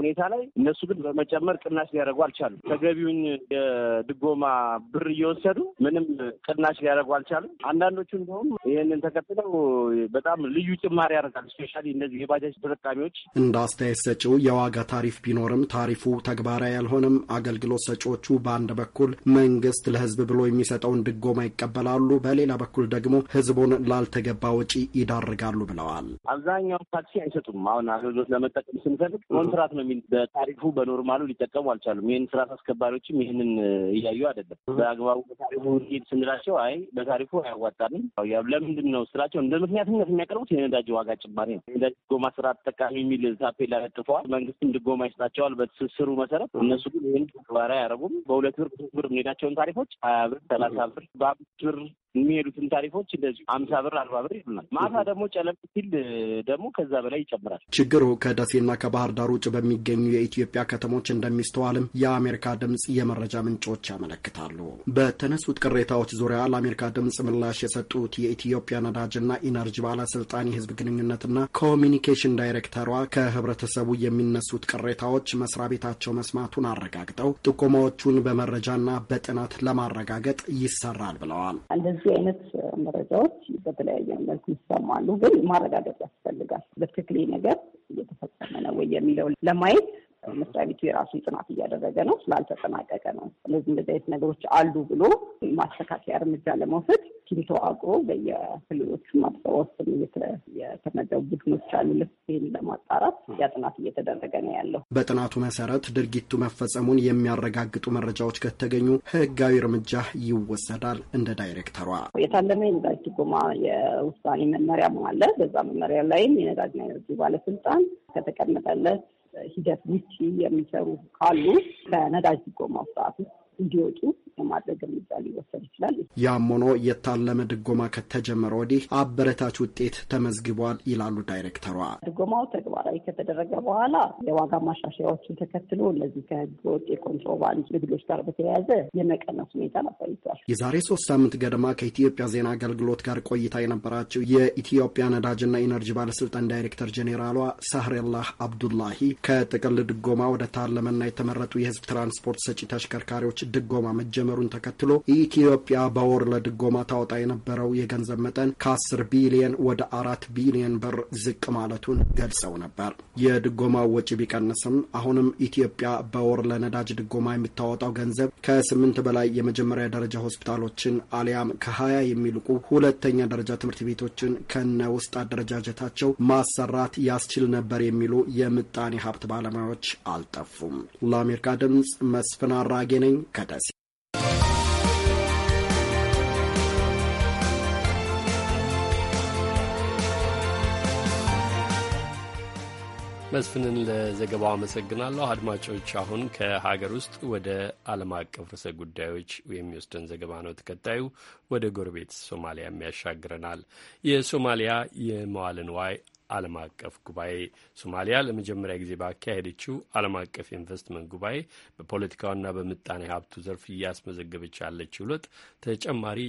ሁኔታ ላይ እነሱ ግን በመጨመር ቅናሽ ሊያደርጉ አልቻሉም። ተገቢውን የድጎማ ብር እየወሰዱ ምንም ቅናሽ ሊያደርጉ አልቻሉም። አንዳንዶቹ እንዲሁም ይህንን ተከትለው በጣም ልዩ ጭማሪ ያደርጋል። ስፔሻሊ እነዚህ የባጃጅ ተጠቃሚዎች እንደ አስተያየት ሰጪው የዋጋ ታሪፍ ቢኖርም ታሪፉ ተግባራዊ ያልሆነም አገልግሎት ሰጪዎቹ በአንድ በኩል መንግስት ለህዝብ ብሎ የሚሰጠውን ድጎማ ይቀበላሉ፣ በሌላ በኩል ደግሞ ህዝቡን ላልተገባ ወጪ ይዳርጋሉ ብለዋል። አብዛኛው ታክሲ አይሰጡም። አሁን አገልግሎት ለመጠቀም ስንፈልግ ኮንትራት ነው በታሪፉ በኖርማሉ ሊጠቀሙ አልቻሉም። ይህን ስራ አስከባሪዎችም ይህንን እያዩ አይደለም። አለበት። በአግባቡ በታሪፉ ሂድ ስንላቸው አይ በታሪፉ አያዋጣንም ለምንድን ነው ስላቸው እንደ ምክንያትነት የሚያቀርቡት የነዳጅ ዋጋ ጭማሪ ነው። የነዳጅ ድጎማ ስራ ተጠቃሚ የሚል ታፔላ ለጥፈዋል። መንግስትም ድጎማ ይሰጣቸዋል በትስስሩ መሰረት። እነሱ ግን ይህን ተግባራዊ አያደርጉም። በሁለት ብር ብር የምንሄዳቸውን ታሪፎች ሀያ ብር ሰላሳ ብር በአምስት ብር የሚሄዱትን ታሪፎች እንደዚሁ አምሳ ብር አርባ ብር ይሉናል። ማታ ደግሞ ጨለም ሲል ደግሞ ከዛ በላይ ይጨምራል። ችግሩ ከደሴና ከባህር ዳር ውጭ በሚገኙ የኢትዮጵያ ከተሞች እንደሚስተዋልም የአሜሪካ ድምፅ የመረጃ ምንጮች ያመለክታሉ። በተነሱት ቅሬታዎች ዙሪያ ለአሜሪካ ድምፅ ምላሽ የሰጡት የኢትዮጵያ ነዳጅና ኢነርጂ ባለስልጣን የህዝብ ግንኙነትና ኮሚኒኬሽን ዳይሬክተሯ ከህብረተሰቡ የሚነሱት ቅሬታዎች መስሪያ ቤታቸው መስማቱን አረጋግጠው ጥቆማዎቹን በመረጃና በጥናት ለማረጋገጥ ይሰራል ብለዋል። እንደዚህ አይነት መረጃዎች በተለያየ መልኩ ይሰማሉ፣ ግን ማረጋገጥ ያስፈልጋል። በትክክል ነገር እየተፈጸመ ነው ወይ የሚለው ለማየት መስሪያ ቤቱ የራሱን ጥናት እያደረገ ነው፣ ስላልተጠናቀቀ ነው። ስለዚህ እንደዚህ አይነት ነገሮች አሉ ብሎ ማስተካከያ እርምጃ ለመውሰድ ቲም ተዋቅሮ በየክልሎቹ ማጥበባ የተመደቡ ቡድኖች አሉ። ይህን ለማጣራት ያ ጥናት እየተደረገ ነው ያለው። በጥናቱ መሰረት ድርጊቱ መፈጸሙን የሚያረጋግጡ መረጃዎች ከተገኙ ህጋዊ እርምጃ ይወሰዳል። እንደ ዳይሬክተሯ የታለመ የነዳጅ ድጎማ የውሳኔ መመሪያም አለ። በዛ መመሪያ ላይም የነዳጅና ኤነርጂ ባለስልጣን ከተቀመጠለት ሂደት ውጭ የሚሰሩ ካሉ ከነዳጅ ድጎማው ስርዓት ውስጥ እንዲወጡ ለማድረግ እርምጃ ሊወሰድ ይችላል። ያም ሆኖ የታለመ ድጎማ ከተጀመረ ወዲህ አበረታች ውጤት ተመዝግቧል ይላሉ ዳይሬክተሯ። ድጎማው ተግባራዊ ከተደረገ በኋላ የዋጋ ማሻሻያዎችን ተከትሎ እነዚህ ከህገ የኮንትሮባንድ ንግዶች ጋር በተያያዘ የመቀነስ ሁኔታ አሳይቷል። የዛሬ ሶስት ሳምንት ገደማ ከኢትዮጵያ ዜና አገልግሎት ጋር ቆይታ የነበራቸው የኢትዮጵያ ነዳጅና ኢነርጂ ባለስልጣን ዳይሬክተር ጄኔራሏ ሳህሬላህ አብዱላሂ ከጥቅል ድጎማ ወደ ታለመና የተመረጡ የህዝብ ትራንስፖርት ሰጪ ተሽከርካሪዎች ድጎማ መጀመሩን ተከትሎ ኢትዮጵያ በወር ለድጎማ ታወጣ የነበረው የገንዘብ መጠን ከ10 ቢሊየን ወደ አራት ቢሊየን ብር ዝቅ ማለቱን ገልጸው ነበር። የድጎማው ወጪ ቢቀንስም አሁንም ኢትዮጵያ በወር ለነዳጅ ድጎማ የምታወጣው ገንዘብ ከስምንት በላይ የመጀመሪያ ደረጃ ሆስፒታሎችን አሊያም ከሀያ የሚልቁ ሁለተኛ ደረጃ ትምህርት ቤቶችን ከነ ውስጥ አደረጃጀታቸው ማሰራት ያስችል ነበር የሚሉ የምጣኔ ሀብት ባለሙያዎች አልጠፉም። ለአሜሪካ ድምጽ መስፍን አራጌ ነኝ። ከደሴ መስፍንን ለዘገባው አመሰግናለሁ። አድማጮች፣ አሁን ከሀገር ውስጥ ወደ ዓለም አቀፍ ርዕሰ ጉዳዮች የሚወስደን ዘገባ ነው ተከታዩ። ወደ ጎረቤት ሶማሊያ የሚያሻግረናል። የሶማሊያ የመዋለ ንዋይ ዓለም አቀፍ ጉባኤ ሶማሊያ ለመጀመሪያ ጊዜ ባካሄደችው ዓለም አቀፍ ኢንቨስትመንት ጉባኤ በፖለቲካውና በምጣኔ ሀብቱ ዘርፍ እያስመዘገበች ያለችው ለውጥ ተጨማሪ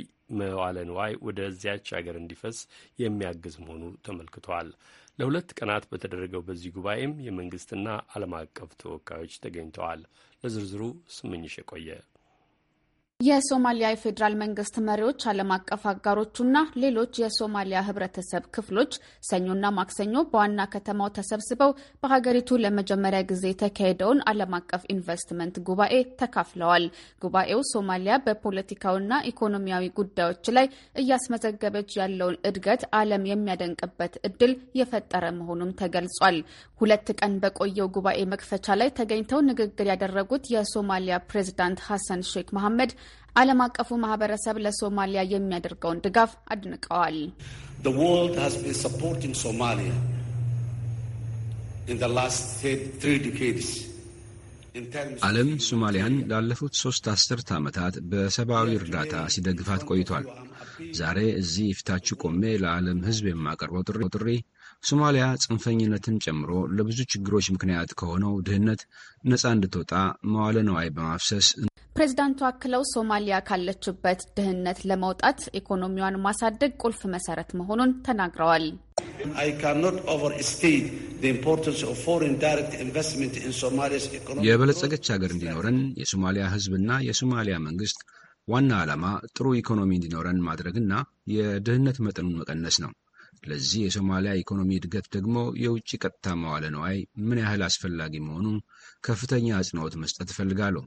መዋለ ንዋይ ወደዚያች ሀገር እንዲፈስ የሚያግዝ መሆኑ ተመልክቷል። ለሁለት ቀናት በተደረገው በዚህ ጉባኤም የመንግስትና ዓለም አቀፍ ተወካዮች ተገኝተዋል። ለዝርዝሩ ስምኝሽ የቆየ የሶማሊያ የፌዴራል መንግስት መሪዎች ዓለም አቀፍ አጋሮቹና ሌሎች የሶማሊያ ህብረተሰብ ክፍሎች ሰኞና ማክሰኞ በዋና ከተማው ተሰብስበው በሀገሪቱ ለመጀመሪያ ጊዜ የተካሄደውን ዓለም አቀፍ ኢንቨስትመንት ጉባኤ ተካፍለዋል። ጉባኤው ሶማሊያ በፖለቲካውና ኢኮኖሚያዊ ጉዳዮች ላይ እያስመዘገበች ያለውን እድገት ዓለም የሚያደንቅበት እድል የፈጠረ መሆኑም ተገልጿል። ሁለት ቀን በቆየው ጉባኤ መክፈቻ ላይ ተገኝተው ንግግር ያደረጉት የሶማሊያ ፕሬዚዳንት ሐሰን ሼክ መሐመድ ዓለም አቀፉ ማህበረሰብ ለሶማሊያ የሚያደርገውን ድጋፍ አድንቀዋል። ዓለም ሶማሊያን ላለፉት ሦስት አስርት ዓመታት በሰብአዊ እርዳታ ሲደግፋት ቆይቷል። ዛሬ እዚህ ፊታችሁ ቆሜ ለዓለም ሕዝብ የማቀርበው ጥሪ ሶማሊያ ጽንፈኝነትን ጨምሮ ለብዙ ችግሮች ምክንያት ከሆነው ድህነት ነፃ እንድትወጣ መዋለ ነዋይ በማፍሰስ ፕሬዚዳንቱ አክለው ሶማሊያ ካለችበት ድህነት ለመውጣት ኢኮኖሚዋን ማሳደግ ቁልፍ መሰረት መሆኑን ተናግረዋል። የበለጸገች ሀገር እንዲኖረን የሶማሊያ ሕዝብና የሶማሊያ መንግስት ዋና ዓላማ ጥሩ ኢኮኖሚ እንዲኖረን ማድረግና የድህነት መጠኑን መቀነስ ነው። ለዚህ የሶማሊያ ኢኮኖሚ እድገት ደግሞ የውጭ ቀጥታ መዋለ ነዋይ ምን ያህል አስፈላጊ መሆኑ ከፍተኛ አጽንኦት መስጠት እፈልጋለሁ።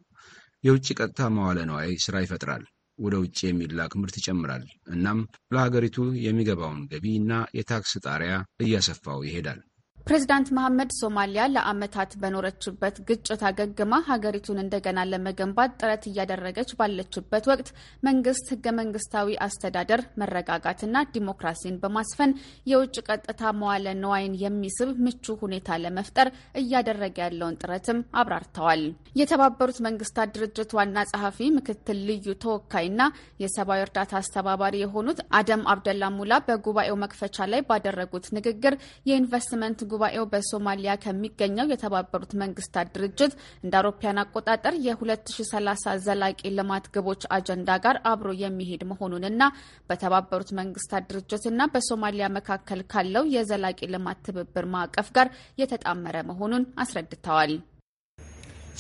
የውጭ ቀጥታ መዋለ ነዋይ ስራ ይፈጥራል፣ ወደ ውጭ የሚላክ ምርት ይጨምራል። እናም ለሀገሪቱ የሚገባውን ገቢ እና የታክስ ጣሪያ እያሰፋው ይሄዳል። ፕሬዚዳንት መሐመድ ሶማሊያ ለዓመታት በኖረችበት ግጭት አገግማ ሀገሪቱን እንደገና ለመገንባት ጥረት እያደረገች ባለችበት ወቅት መንግስት ህገ መንግስታዊ አስተዳደር፣ መረጋጋትና ዲሞክራሲን በማስፈን የውጭ ቀጥታ መዋለ ንዋይን የሚስብ ምቹ ሁኔታ ለመፍጠር እያደረገ ያለውን ጥረትም አብራርተዋል። የተባበሩት መንግስታት ድርጅት ዋና ጸሐፊ ምክትል ልዩ ተወካይና የሰብአዊ እርዳታ አስተባባሪ የሆኑት አደም አብደላ ሙላ በጉባኤው መክፈቻ ላይ ባደረጉት ንግግር የኢንቨስትመንት ጉባኤው በሶማሊያ ከሚገኘው የተባበሩት መንግስታት ድርጅት እንደ አውሮፓያን አቆጣጠር የ2030 ዘላቂ ልማት ግቦች አጀንዳ ጋር አብሮ የሚሄድ መሆኑንና በተባበሩት መንግስታት ድርጅትና በሶማሊያ መካከል ካለው የዘላቂ ልማት ትብብር ማዕቀፍ ጋር የተጣመረ መሆኑን አስረድተዋል።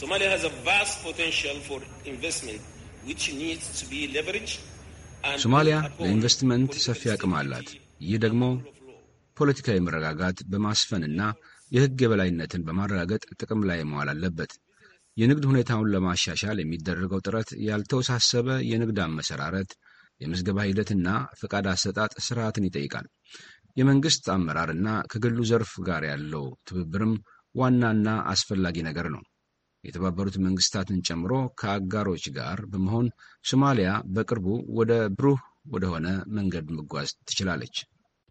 ሶማሊያ has a vast potential for investment which needs to be leveraged ሶማሊያ ለኢንቨስትመንት ሰፊ አቅም አላት። ይህ ደግሞ ፖለቲካዊ መረጋጋት በማስፈንና የሕግ የበላይነትን በማረጋገጥ ጥቅም ላይ መዋል አለበት። የንግድ ሁኔታውን ለማሻሻል የሚደረገው ጥረት ያልተወሳሰበ የንግድ አመሰራረት፣ የምዝገባ ሂደትና ፈቃድ አሰጣጥ ስርዓትን ይጠይቃል። የመንግሥት አመራርና ከግሉ ዘርፍ ጋር ያለው ትብብርም ዋናና አስፈላጊ ነገር ነው። የተባበሩት መንግስታትን ጨምሮ ከአጋሮች ጋር በመሆን ሶማሊያ በቅርቡ ወደ ብሩህ ወደሆነ መንገድ መጓዝ ትችላለች።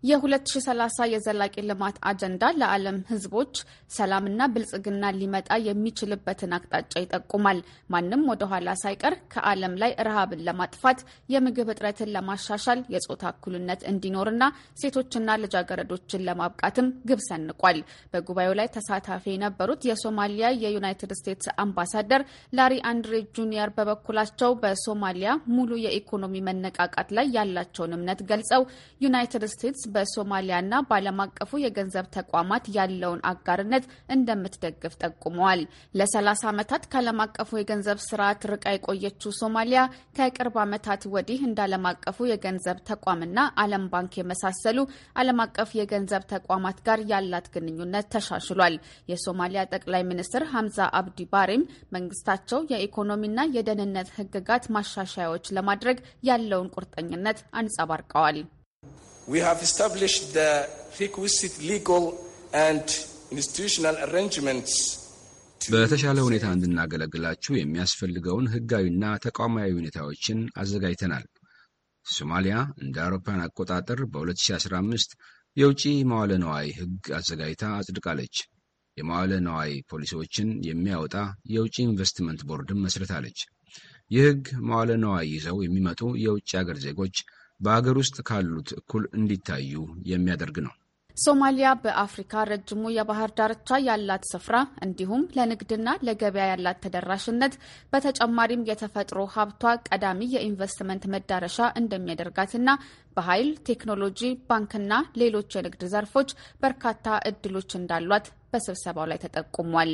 የ2030 የዘላቂ ልማት አጀንዳ ለዓለም ህዝቦች ሰላምና ብልጽግና ሊመጣ የሚችልበትን አቅጣጫ ይጠቁማል። ማንም ወደ ኋላ ሳይቀር ከዓለም ላይ ረሃብን ለማጥፋት፣ የምግብ እጥረትን ለማሻሻል፣ የጾታ እኩልነት እንዲኖርና ሴቶችና ልጃገረዶችን ለማብቃትም ግብ ሰንቋል። በጉባኤው ላይ ተሳታፊ የነበሩት የሶማሊያ የዩናይትድ ስቴትስ አምባሳደር ላሪ አንድሬ ጁኒየር በበኩላቸው በሶማሊያ ሙሉ የኢኮኖሚ መነቃቃት ላይ ያላቸውን እምነት ገልጸው ዩናይትድ ስቴትስ በሶማሊያና በዓለም አቀፉ የገንዘብ ተቋማት ያለውን አጋርነት እንደምትደግፍ ጠቁመዋል። ለ30 ዓመታት ከዓለም አቀፉ የገንዘብ ስርዓት ርቃ የቆየችው ሶማሊያ ከቅርብ ዓመታት ወዲህ እንደ ዓለም አቀፉ የገንዘብ ተቋምና ዓለም ባንክ የመሳሰሉ ዓለም አቀፍ የገንዘብ ተቋማት ጋር ያላት ግንኙነት ተሻሽሏል። የሶማሊያ ጠቅላይ ሚኒስትር ሐምዛ አብዲ ባሬም መንግስታቸው የኢኮኖሚና የደህንነት ህግጋት ማሻሻያዎች ለማድረግ ያለውን ቁርጠኝነት አንጸባርቀዋል። we have established the requisite legal and institutional arrangements በተሻለ ሁኔታ እንድናገለግላችሁ የሚያስፈልገውን ህጋዊና ተቋማዊ ሁኔታዎችን አዘጋጅተናል። ሶማሊያ እንደ አውሮፓውያን አቆጣጠር በ2015 የውጪ መዋለ ነዋይ ህግ አዘጋጅታ አጽድቃለች። የመዋለ ነዋይ ፖሊሲዎችን የሚያወጣ የውጭ ኢንቨስትመንት ቦርድም መስርታለች። ይህ ህግ መዋለ ነዋይ ይዘው የሚመጡ የውጭ አገር ዜጎች በአገር ውስጥ ካሉት እኩል እንዲታዩ የሚያደርግ ነው። ሶማሊያ በአፍሪካ ረጅሙ የባህር ዳርቻ ያላት ስፍራ እንዲሁም ለንግድና ለገበያ ያላት ተደራሽነት በተጨማሪም የተፈጥሮ ሀብቷ ቀዳሚ የኢንቨስትመንት መዳረሻ እንደሚያደርጋትና በኃይል ቴክኖሎጂ፣ ባንክና ሌሎች የንግድ ዘርፎች በርካታ እድሎች እንዳሏት በስብሰባው ላይ ተጠቁሟል።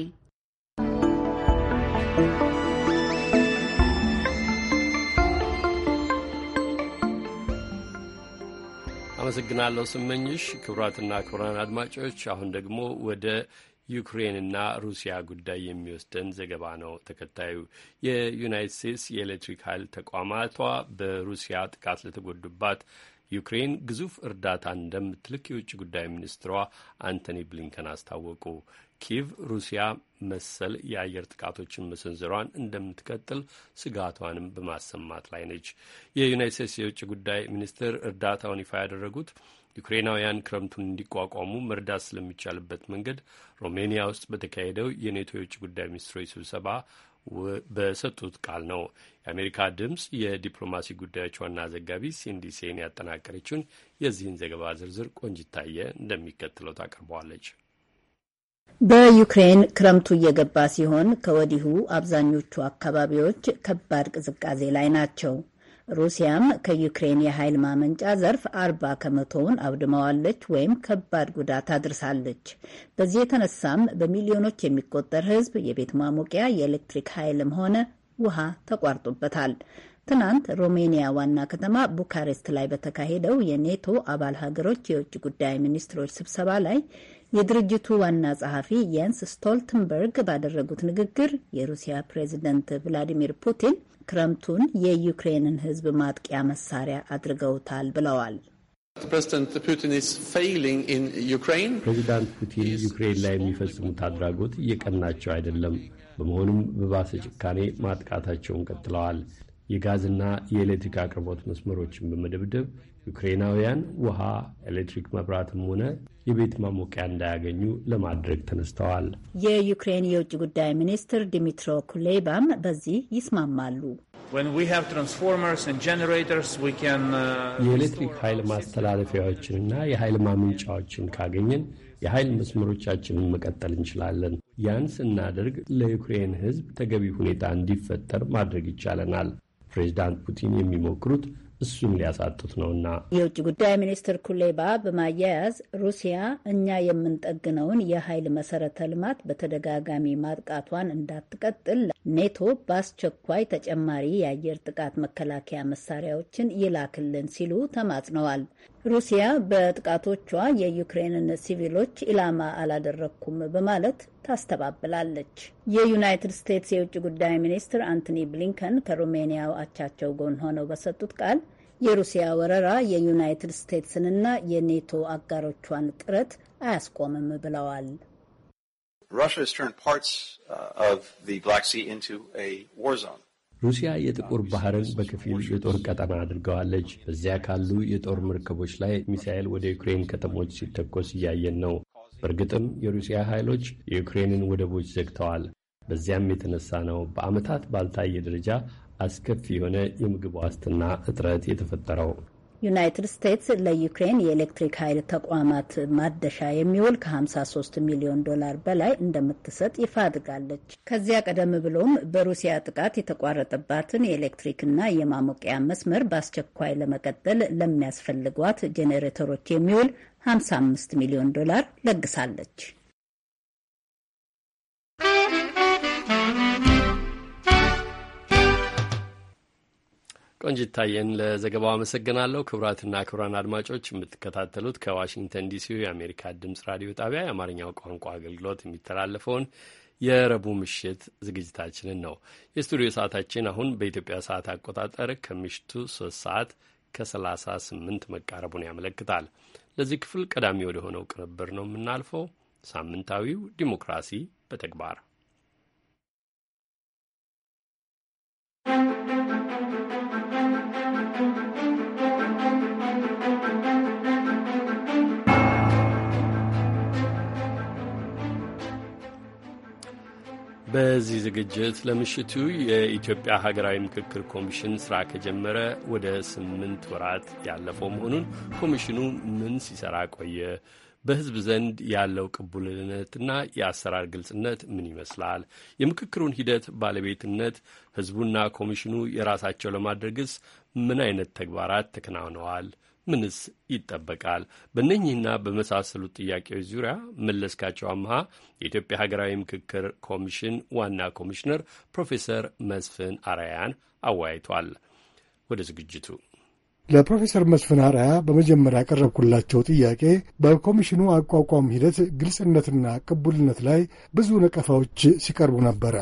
አመሰግናለሁ ስመኝሽ። ክቡራትና ክቡራን አድማጮች አሁን ደግሞ ወደ ዩክሬንና ሩሲያ ጉዳይ የሚወስደን ዘገባ ነው ተከታዩ። የዩናይት ስቴትስ የኤሌክትሪክ ኃይል ተቋማቷ በሩሲያ ጥቃት ለተጎዱባት ዩክሬን ግዙፍ እርዳታ እንደምትልክ የውጭ ጉዳይ ሚኒስትሯ አንቶኒ ብሊንከን አስታወቁ። ኪቭ ሩሲያ መሰል የአየር ጥቃቶችን መሰንዘሯን እንደምትቀጥል ስጋቷንም በማሰማት ላይ ነች። የዩናይት ስቴትስ የውጭ ጉዳይ ሚኒስትር እርዳታውን ይፋ ያደረጉት ዩክሬናውያን ክረምቱን እንዲቋቋሙ መርዳት ስለሚቻልበት መንገድ ሮሜኒያ ውስጥ በተካሄደው የኔቶ የውጭ ጉዳይ ሚኒስትሮች ስብሰባ በሰጡት ቃል ነው። የአሜሪካ ድምፅ የዲፕሎማሲ ጉዳዮች ዋና ዘጋቢ ሲንዲ ሴን ያጠናቀረችውን የዚህን ዘገባ ዝርዝር ቆንጅታየ እንደሚከተለው ታቀርበዋለች። በዩክሬን ክረምቱ እየገባ ሲሆን ከወዲሁ አብዛኞቹ አካባቢዎች ከባድ ቅዝቃዜ ላይ ናቸው። ሩሲያም ከዩክሬን የኃይል ማመንጫ ዘርፍ አርባ ከመቶውን አውድመዋለች ወይም ከባድ ጉዳት አድርሳለች። በዚህ የተነሳም በሚሊዮኖች የሚቆጠር ሕዝብ የቤት ማሞቂያ፣ የኤሌክትሪክ ኃይልም ሆነ ውሃ ተቋርጦበታል። ትናንት ሮሜኒያ ዋና ከተማ ቡካሬስት ላይ በተካሄደው የኔቶ አባል ሀገሮች የውጭ ጉዳይ ሚኒስትሮች ስብሰባ ላይ የድርጅቱ ዋና ጸሐፊ የንስ ስቶልተንበርግ ባደረጉት ንግግር የሩሲያ ፕሬዚደንት ቭላዲሚር ፑቲን ክረምቱን የዩክሬንን ሕዝብ ማጥቂያ መሳሪያ አድርገውታል ብለዋል። ፕሬዚዳንት ፑቲን ዩክሬን ላይ የሚፈጽሙት አድራጎት እየቀናቸው አይደለም። በመሆኑም በባሰ ጭካኔ ማጥቃታቸውን ቀጥለዋል። የጋዝና የኤሌክትሪክ አቅርቦት መስመሮችን በመደብደብ ዩክሬናውያን ውሃ፣ ኤሌክትሪክ መብራትም ሆነ የቤት ማሞቂያ እንዳያገኙ ለማድረግ ተነስተዋል። የዩክሬን የውጭ ጉዳይ ሚኒስትር ዲሚትሮ ኩሌባም በዚህ ይስማማሉ። uh, የኤሌክትሪክ ኃይል ማስተላለፊያዎችንና የኃይል ማመንጫዎችን ካገኘን የኃይል መስመሮቻችንን መቀጠል እንችላለን። ያን ስናደርግ ለዩክሬን ሕዝብ ተገቢ ሁኔታ እንዲፈጠር ማድረግ ይቻለናል። ፕሬዚዳንት ፑቲን የሚሞክሩት እሱን ሊያሳጡት ነውና። የውጭ ጉዳይ ሚኒስትር ኩሌባ በማያያዝ ሩሲያ እኛ የምንጠግነውን የኃይል መሰረተ ልማት በተደጋጋሚ ማጥቃቷን እንዳትቀጥል ኔቶ በአስቸኳይ ተጨማሪ የአየር ጥቃት መከላከያ መሳሪያዎችን ይላክልን ሲሉ ተማጽነዋል። ሩሲያ በጥቃቶቿ የዩክሬንን ሲቪሎች ኢላማ አላደረግኩም በማለት ታስተባብላለች። የዩናይትድ ስቴትስ የውጭ ጉዳይ ሚኒስትር አንቶኒ ብሊንከን ከሩሜኒያው አቻቸው ጎን ሆነው በሰጡት ቃል የሩሲያ ወረራ የዩናይትድ ስቴትስንና የኔቶ አጋሮቿን ጥረት አያስቆምም ብለዋል። Russia has turned parts uh, of the Black Sea into a war zone. ሩሲያ የጥቁር ባህርን በከፊል የጦር ቀጠና አድርገዋለች። በዚያ ካሉ የጦር መርከቦች ላይ ሚሳኤል ወደ ዩክሬን ከተሞች ሲተኮስ እያየን ነው። በእርግጥም የሩሲያ ኃይሎች የዩክሬንን ወደቦች ዘግተዋል። በዚያም የተነሳ ነው በዓመታት ባልታየ ደረጃ አስከፊ የሆነ የምግብ ዋስትና እጥረት የተፈጠረው። ዩናይትድ ስቴትስ ለዩክሬን የኤሌክትሪክ ኃይል ተቋማት ማደሻ የሚውል ከ53 ሚሊዮን ዶላር በላይ እንደምትሰጥ ይፋ አድርጋለች። ከዚያ ቀደም ብሎም በሩሲያ ጥቃት የተቋረጠባትን የኤሌክትሪክና የማሞቂያ መስመር በአስቸኳይ ለመቀጠል ለሚያስፈልጓት ጄኔሬተሮች የሚውል 55 ሚሊዮን ዶላር ለግሳለች። ቆንጅታየን ለዘገባው አመሰግናለሁ። ክቡራትና ክቡራን አድማጮች የምትከታተሉት ከዋሽንግተን ዲሲ የአሜሪካ ድምጽ ራዲዮ ጣቢያ የአማርኛው ቋንቋ አገልግሎት የሚተላለፈውን የረቡዕ ምሽት ዝግጅታችንን ነው። የስቱዲዮ ሰዓታችን አሁን በኢትዮጵያ ሰዓት አቆጣጠር ከምሽቱ ሶስት ሰዓት ከ ስምንት መቃረቡን ያመለክታል። ለዚህ ክፍል ቀዳሚ ወደ ሆነው ቅንብር ነው የምናልፈው። ሳምንታዊው ዲሞክራሲ በተግባር በዚህ ዝግጅት ለምሽቱ የኢትዮጵያ ሀገራዊ ምክክር ኮሚሽን ስራ ከጀመረ ወደ ስምንት ወራት ያለፈው መሆኑን ኮሚሽኑ ምን ሲሰራ ቆየ፣ በህዝብ ዘንድ ያለው ቅቡልነትና የአሰራር ግልጽነት ምን ይመስላል፣ የምክክሩን ሂደት ባለቤትነት ህዝቡና ኮሚሽኑ የራሳቸው ለማድረግስ ምን አይነት ተግባራት ተከናውነዋል ምንስ ይጠበቃል? በእነኚህና በመሳሰሉት ጥያቄዎች ዙሪያ መለስካቸው አምሃ የኢትዮጵያ ሀገራዊ ምክክር ኮሚሽን ዋና ኮሚሽነር ፕሮፌሰር መስፍን አራያን አወያይቷል። ወደ ዝግጅቱ ለፕሮፌሰር መስፍን አርአያ በመጀመሪያ ያቀረብኩላቸው ጥያቄ በኮሚሽኑ አቋቋም ሂደት ግልጽነትና ቅቡልነት ላይ ብዙ ነቀፋዎች ሲቀርቡ ነበረ።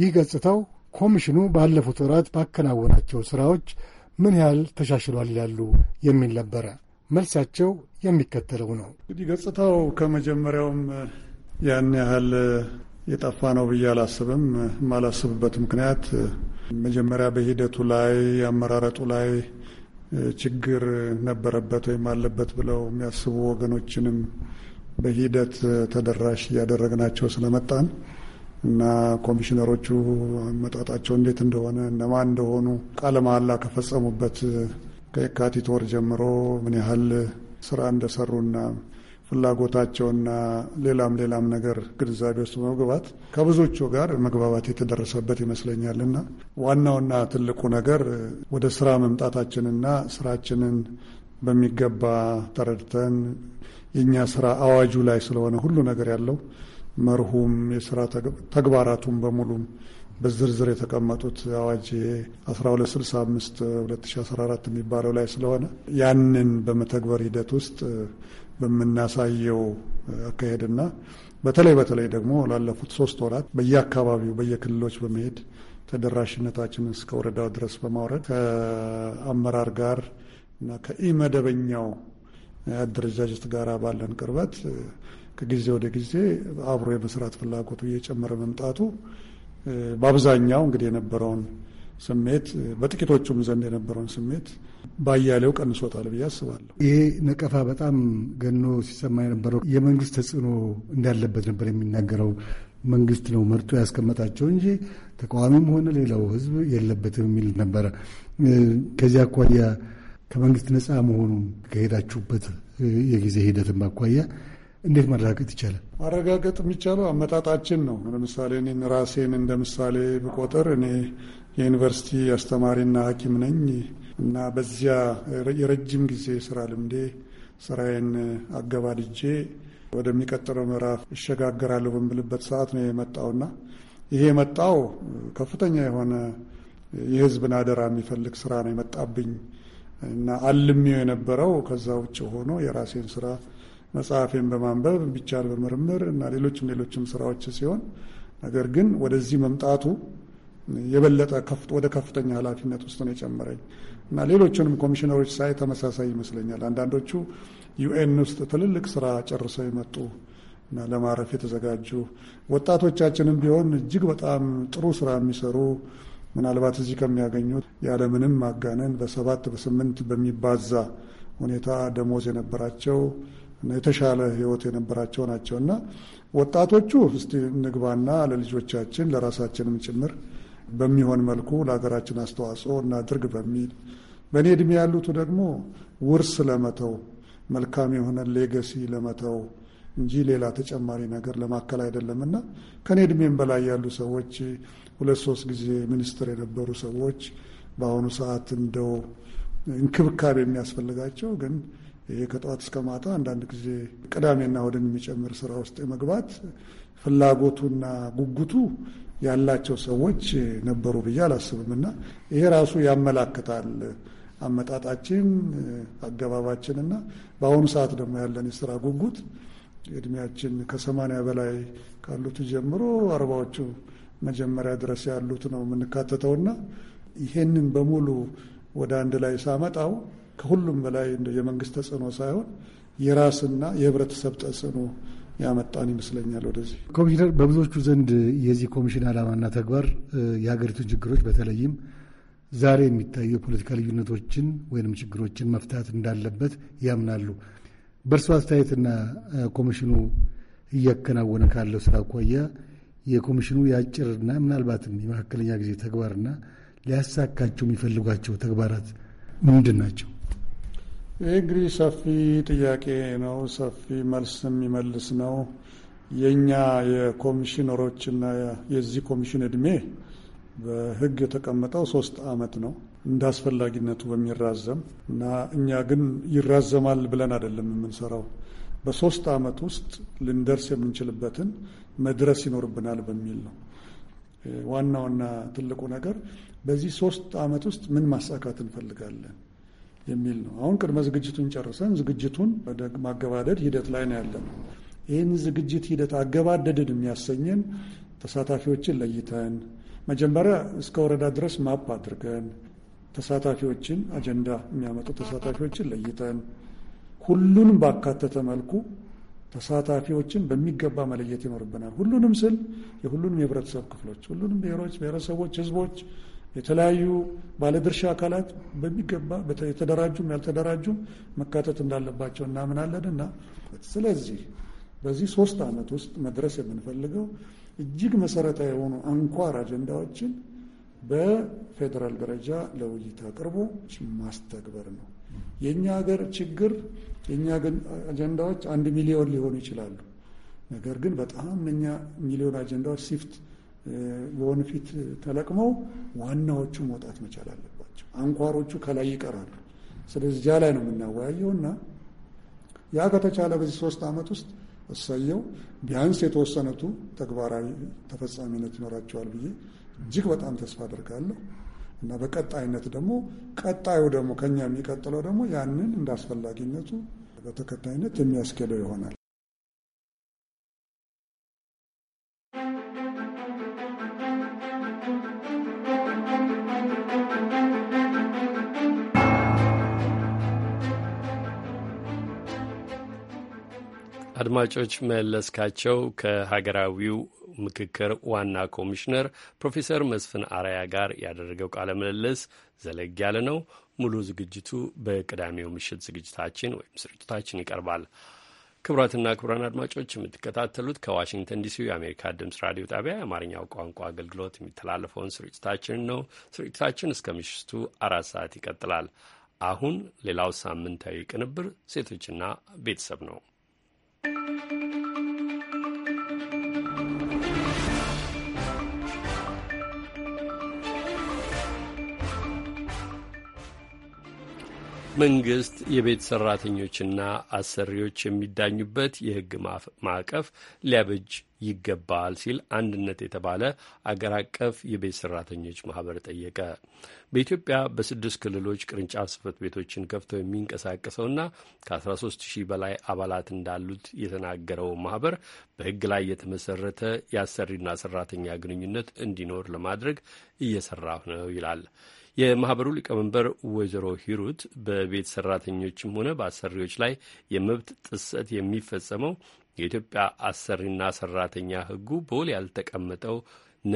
ይህ ገጽታው ኮሚሽኑ ባለፉት ወራት ባከናወናቸው ሥራዎች ምን ያህል ተሻሽሏል ይላሉ የሚል ነበረ። መልሳቸው የሚከተለው ነው። እንግዲህ ገጽታው ከመጀመሪያውም ያን ያህል የጠፋ ነው ብዬ አላስብም። የማላስብበት ምክንያት መጀመሪያ በሂደቱ ላይ አመራረጡ ላይ ችግር ነበረበት ወይም አለበት ብለው የሚያስቡ ወገኖችንም በሂደት ተደራሽ እያደረግናቸው ስለመጣን እና ኮሚሽነሮቹ መጣጣቸው እንዴት እንደሆነ እነማን እንደሆኑ ቃለ መሐላ ከፈጸሙበት ከየካቲት ወር ጀምሮ ምን ያህል ስራ እንደሰሩና ፍላጎታቸውና ሌላም ሌላም ነገር ግንዛቤ ውስጥ መግባት ከብዙዎቹ ጋር መግባባት የተደረሰበት ይመስለኛልና ዋናውና ትልቁ ነገር ወደ ስራ መምጣታችንና ስራችንን በሚገባ ተረድተን የእኛ ስራ አዋጁ ላይ ስለሆነ ሁሉ ነገር ያለው መርሁም የስራ ተግባራቱም በሙሉም በዝርዝር የተቀመጡት አዋጅ 1265 2014 የሚባለው ላይ ስለሆነ ያንን በመተግበር ሂደት ውስጥ በምናሳየው አካሄድና በተለይ በተለይ ደግሞ ላለፉት ሶስት ወራት በየአካባቢው በየክልሎች በመሄድ ተደራሽነታችን እስከ ወረዳው ድረስ በማውረድ ከአመራር ጋር እና ከኢመደበኛው አደረጃጀት ጋር ባለን ቅርበት ከጊዜ ወደ ጊዜ አብሮ የመስራት ፍላጎቱ እየጨመረ መምጣቱ በአብዛኛው እንግዲህ የነበረውን ስሜት በጥቂቶቹም ዘንድ የነበረውን ስሜት ባያሌው ቀንሶታል ብዬ አስባለሁ። ይሄ ነቀፋ በጣም ገኖ ሲሰማ የነበረው የመንግስት ተጽዕኖ እንዳለበት ነበር የሚናገረው። መንግስት ነው መርጦ ያስቀመጣቸው እንጂ ተቃዋሚም ሆነ ሌላው ህዝብ የለበትም የሚል ነበረ። ከዚህ አኳያ ከመንግስት ነፃ መሆኑን ከሄዳችሁበት የጊዜ ሂደትም አኳያ እንዴት ማረጋገጥ ይቻላል? ማረጋገጥ የሚቻለው አመጣጣችን ነው። ለምሳሌ እኔን ራሴን እንደ ምሳሌ ብቆጥር እኔ የዩኒቨርሲቲ አስተማሪና ሐኪም ነኝ እና በዚያ የረጅም ጊዜ ስራ ልምዴ ስራዬን አገባድጄ ወደሚቀጥለው ምዕራፍ እሸጋገራለሁ በምልበት ሰዓት ነው የመጣውና ይሄ የመጣው ከፍተኛ የሆነ የህዝብን አደራ የሚፈልግ ስራ ነው የመጣብኝ እና አልሚው የነበረው ከዛ ውጭ ሆኖ የራሴን ስራ መጽሐፌን በማንበብ ቢቻል በምርምር እና ሌሎችም ሌሎችም ስራዎች ሲሆን ነገር ግን ወደዚህ መምጣቱ የበለጠ ወደ ከፍተኛ ኃላፊነት ውስጥ ነው የጨመረኝ እና ሌሎቹንም ኮሚሽነሮች ሳይ ተመሳሳይ ይመስለኛል። አንዳንዶቹ ዩኤን ውስጥ ትልልቅ ስራ ጨርሰው የመጡ እና ለማረፍ የተዘጋጁ ወጣቶቻችንም ቢሆን እጅግ በጣም ጥሩ ስራ የሚሰሩ ምናልባት እዚህ ከሚያገኙት ያለምንም ማጋነን በሰባት በስምንት በሚባዛ ሁኔታ ደሞዝ የነበራቸው የተሻለ ህይወት የነበራቸው ናቸው እና ወጣቶቹ እስቲ ንግባና ለልጆቻችን ለራሳችንም ጭምር በሚሆን መልኩ ለሀገራችን አስተዋጽኦ እናድርግ በሚል በእኔ እድሜ ያሉቱ ደግሞ ውርስ ለመተው መልካም የሆነ ሌገሲ ለመተው እንጂ ሌላ ተጨማሪ ነገር ለማከል እና ከእኔ እድሜም በላይ ያሉ ሰዎች ሁለት ሶስት ጊዜ ሚኒስትር የነበሩ ሰዎች በአሁኑ ሰዓት እንደው እንክብካቤ የሚያስፈልጋቸው ግን ከጠዋት እስከ ማታ አንዳንድ ጊዜ ቅዳሜና እሁድን የሚጨምር ስራ ውስጥ የመግባት ፍላጎቱና ጉጉቱ ያላቸው ሰዎች ነበሩ ብዬ አላስብም እና ይሄ ራሱ ያመላክታል አመጣጣችን፣ አገባባችን እና በአሁኑ ሰዓት ደግሞ ያለን የስራ ጉጉት እድሜያችን ከሰማንያ በላይ ካሉት ጀምሮ አርባዎቹ መጀመሪያ ድረስ ያሉት ነው የምንካተተውና ይሄንን በሙሉ ወደ አንድ ላይ ሳመጣው ከሁሉም በላይ የመንግስት ተጽዕኖ ሳይሆን የራስና የህብረተሰብ ተጽዕኖ ያመጣን ይመስለኛል። ወደዚህ ኮሚሽነር፣ በብዙዎቹ ዘንድ የዚህ ኮሚሽን ዓላማና ተግባር የሀገሪቱን ችግሮች በተለይም ዛሬ የሚታዩ የፖለቲካ ልዩነቶችን ወይንም ችግሮችን መፍታት እንዳለበት ያምናሉ። በእርሱ አስተያየትና ኮሚሽኑ እያከናወነ ካለው ስራ አኳያ የኮሚሽኑ የአጭርና ምናልባትም የመካከለኛ ጊዜ ተግባርና ሊያሳካቸው የሚፈልጓቸው ተግባራት ምንድን ናቸው? ይህ እንግዲህ ሰፊ ጥያቄ ነው። ሰፊ መልስ የሚመልስ ነው። የእኛ የኮሚሽነሮችና የዚህ ኮሚሽን እድሜ በህግ የተቀመጠው ሶስት አመት ነው እንደ አስፈላጊነቱ በሚራዘም እና እኛ ግን ይራዘማል ብለን አይደለም የምንሰራው። በሶስት አመት ውስጥ ልንደርስ የምንችልበትን መድረስ ይኖርብናል በሚል ነው። ዋና ትልቁ ነገር በዚህ ሶስት አመት ውስጥ ምን ማሳካት እንፈልጋለን የሚል ነው። አሁን ቅድመ ዝግጅቱን ጨርሰን ዝግጅቱን ወደ ማገባደድ ሂደት ላይ ነው ያለን። ይህን ዝግጅት ሂደት አገባደድን የሚያሰኘን ተሳታፊዎችን ለይተን መጀመሪያ እስከ ወረዳ ድረስ ማፕ አድርገን ተሳታፊዎችን አጀንዳ የሚያመጡ ተሳታፊዎችን ለይተን ሁሉንም ባካተተ መልኩ ተሳታፊዎችን በሚገባ መለየት ይኖርብናል። ሁሉንም ስል የሁሉንም የህብረተሰብ ክፍሎች፣ ሁሉንም ብሔሮች፣ ብሔረሰቦች፣ ህዝቦች የተለያዩ ባለድርሻ አካላት በሚገባ የተደራጁም ያልተደራጁም መካተት እንዳለባቸው እናምናለን እና ስለዚህ በዚህ ሶስት ዓመት ውስጥ መድረስ የምንፈልገው እጅግ መሰረታዊ የሆኑ አንኳር አጀንዳዎችን በፌዴራል ደረጃ ለውይይት አቅርቦ ማስተግበር ነው። የእኛ ሀገር ችግር የእኛ አጀንዳዎች አንድ ሚሊዮን ሊሆኑ ይችላሉ። ነገር ግን በጣም እኛ ሚሊዮን አጀንዳዎች ሲፍት በወንፊት ተለቅመው ዋናዎቹ መውጣት መቻል አለባቸው። አንኳሮቹ ከላይ ይቀራሉ። ስለዚህ እዚያ ላይ ነው የምናወያየው እና ያ ከተቻለ በዚህ ሶስት ዓመት ውስጥ እሰየው ቢያንስ የተወሰነቱ ተግባራዊ ተፈጻሚነት ይኖራቸዋል ብዬ እጅግ በጣም ተስፋ አድርጋለሁ እና በቀጣይነት ደግሞ ቀጣዩ ደግሞ ከኛ የሚቀጥለው ደግሞ ያንን እንዳስፈላጊነቱ በተከታይነት የሚያስኬደው ይሆናል። አድማጮች መለስካቸው ከሀገራዊው ምክክር ዋና ኮሚሽነር ፕሮፌሰር መስፍን አራያ ጋር ያደረገው ቃለ ምልልስ ዘለግ ያለ ነው። ሙሉ ዝግጅቱ በቅዳሜው ምሽት ዝግጅታችን ወይም ስርጭታችን ይቀርባል። ክቡራትና ክቡራን አድማጮች የምትከታተሉት ከዋሽንግተን ዲሲ የአሜሪካ ድምጽ ራዲዮ ጣቢያ የአማርኛው ቋንቋ አገልግሎት የሚተላለፈውን ስርጭታችን ነው። ስርጭታችን እስከ ምሽቱ አራት ሰዓት ይቀጥላል። አሁን ሌላው ሳምንታዊ ቅንብር ሴቶችና ቤተሰብ ነው። መንግስት የቤት ሰራተኞችና አሰሪዎች የሚዳኙበት የህግ ማዕቀፍ ሊያበጅ ይገባል ሲል አንድነት የተባለ አገር አቀፍ የቤት ሰራተኞች ማህበር ጠየቀ። በኢትዮጵያ በስድስት ክልሎች ቅርንጫፍ ጽህፈት ቤቶችን ከፍተው የሚንቀሳቀሰውና ከ13 ሺህ በላይ አባላት እንዳሉት የተናገረው ማህበር በህግ ላይ የተመሰረተ የአሰሪና ሰራተኛ ግንኙነት እንዲኖር ለማድረግ እየሰራ ነው ይላል። የማህበሩ ሊቀመንበር ወይዘሮ ሂሩት በቤት ሰራተኞችም ሆነ በአሰሪዎች ላይ የመብት ጥሰት የሚፈጸመው የኢትዮጵያ አሰሪና ሰራተኛ ህጉ በውል ያልተቀመጠው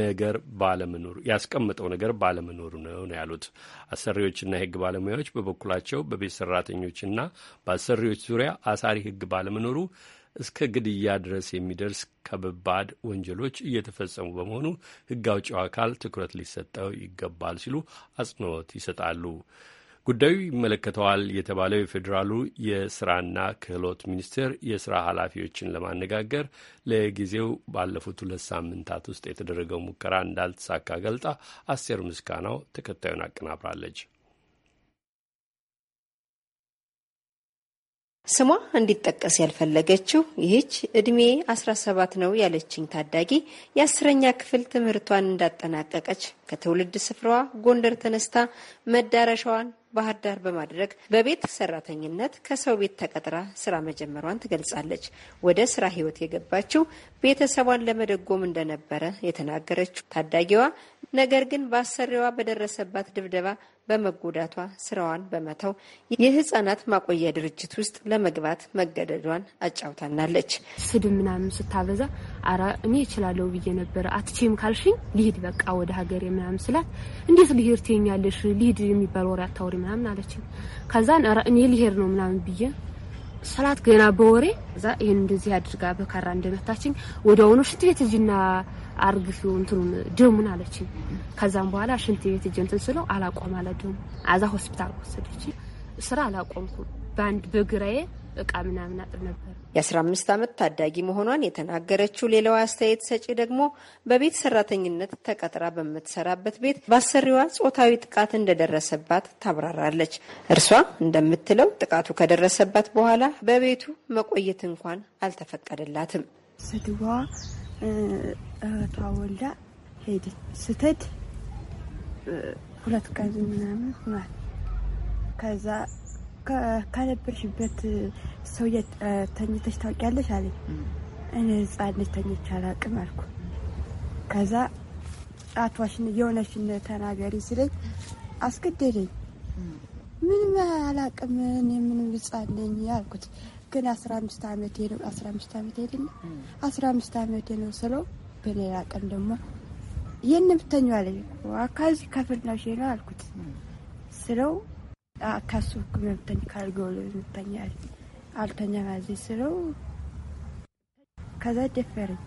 ነገር ባለመኖሩ ያስቀመጠው ነገር ባለመኖሩ ነው ነው ያሉት። አሰሪዎችና የህግ ባለሙያዎች በበኩላቸው በቤት ሰራተኞችና በአሰሪዎች ዙሪያ አሳሪ ህግ ባለመኖሩ እስከ ግድያ ድረስ የሚደርስ ከበባድ ወንጀሎች እየተፈጸሙ በመሆኑ ሕግ አውጪው አካል ትኩረት ሊሰጠው ይገባል ሲሉ አጽንኦት ይሰጣሉ። ጉዳዩ ይመለከተዋል የተባለው የፌዴራሉ የስራና ክህሎት ሚኒስቴር የስራ ኃላፊዎችን ለማነጋገር ለጊዜው ባለፉት ሁለት ሳምንታት ውስጥ የተደረገው ሙከራ እንዳልተሳካ ገልጣ አስቴር ምስጋናው ተከታዩን አቀናብራለች። ስሟ እንዲጠቀስ ያልፈለገችው ይህች እድሜ 17 ነው ያለችኝ ታዳጊ የአስረኛ ክፍል ትምህርቷን እንዳጠናቀቀች ከትውልድ ስፍራዋ ጎንደር ተነስታ መዳረሻዋን ባህር ዳር በማድረግ በቤት ሰራተኝነት ከሰው ቤት ተቀጥራ ስራ መጀመሯን ትገልጻለች። ወደ ስራ ህይወት የገባችው ቤተሰቧን ለመደጎም እንደነበረ የተናገረችው ታዳጊዋ ነገር ግን በአሰሪዋ በደረሰባት ድብደባ በመጎዳቷ ስራዋን በመተው የህጻናት ማቆያ ድርጅት ውስጥ ለመግባት መገደዷን አጫውታናለች። ስድብ ምናምን ስታበዛ አራ እኔ እችላለሁ ብዬ ነበረ። አትቼም ካልሽኝ ልሂድ በቃ ወደ ሀገር ምናምን ስላት እንዴት ልሄድ ትኛለሽ? ልሂድ የሚባል ወሬ አታወሪ ምናምን አለችኝ። ከዛን እኔ ልሄድ ነው ምናምን ብዬ ሰላት ገና በወሬ እዛ ይህን እንደዚህ አድርጋ በካራ እንደመታችኝ ወደ አሁኑ ሽንት ቤት እጅና አርግፊው እንትኑን ደሙን አለችኝ። ከዛም በኋላ ሽንት ቤት እጄ እንትን ስለው አላቆም አለ ደሙ። አዛ ሆስፒታል ወሰደች። ስራ አላቆምኩም። በአንድ በግራዬ እቃ ምናምን አጥር ነበር። የአስራ አምስት አመት ታዳጊ መሆኗን የተናገረችው ሌላዋ አስተያየት ሰጪ ደግሞ በቤት ሰራተኝነት ተቀጥራ በምትሰራበት ቤት በአሰሪዋ ጾታዊ ጥቃት እንደደረሰባት ታብራራለች። እርሷ እንደምትለው ጥቃቱ ከደረሰባት በኋላ በቤቱ መቆየት እንኳን አልተፈቀደላትም። ስድዋ እህቷ ወልዳ ሄደች። ስትሄድ ሁለት ቀን ምናምን ሆኗል። ከዛ ከነበርሽበት ሰው ተኝተሽ ታውቂያለሽ አለ። እኔ ሕፃን ልጅ ተኝቼ አላውቅም አልኩ። ከዛ አትዋሽን የሆነሽን ተናገሪ ስለኝ አስገደደኝ። ምንም አላውቅም እኔ ምንም ሕፃን ነኝ አልኩት። ግን አስራ አምስት ዓመቴ ነው አስራ አምስት ዓመቴ አይደለም አስራ አምስት ዓመቴ ነው ስለው በሌላ ቀን ደግሞ ይህን ብተኛ አለኝ ከዚህ ከፍርናሽ ነው አልኩት ስለው ከሱ መብተኝ ካልገሎ ምተኛ አልተኛ ማዚ ስለው ከዛ ደፈረኝ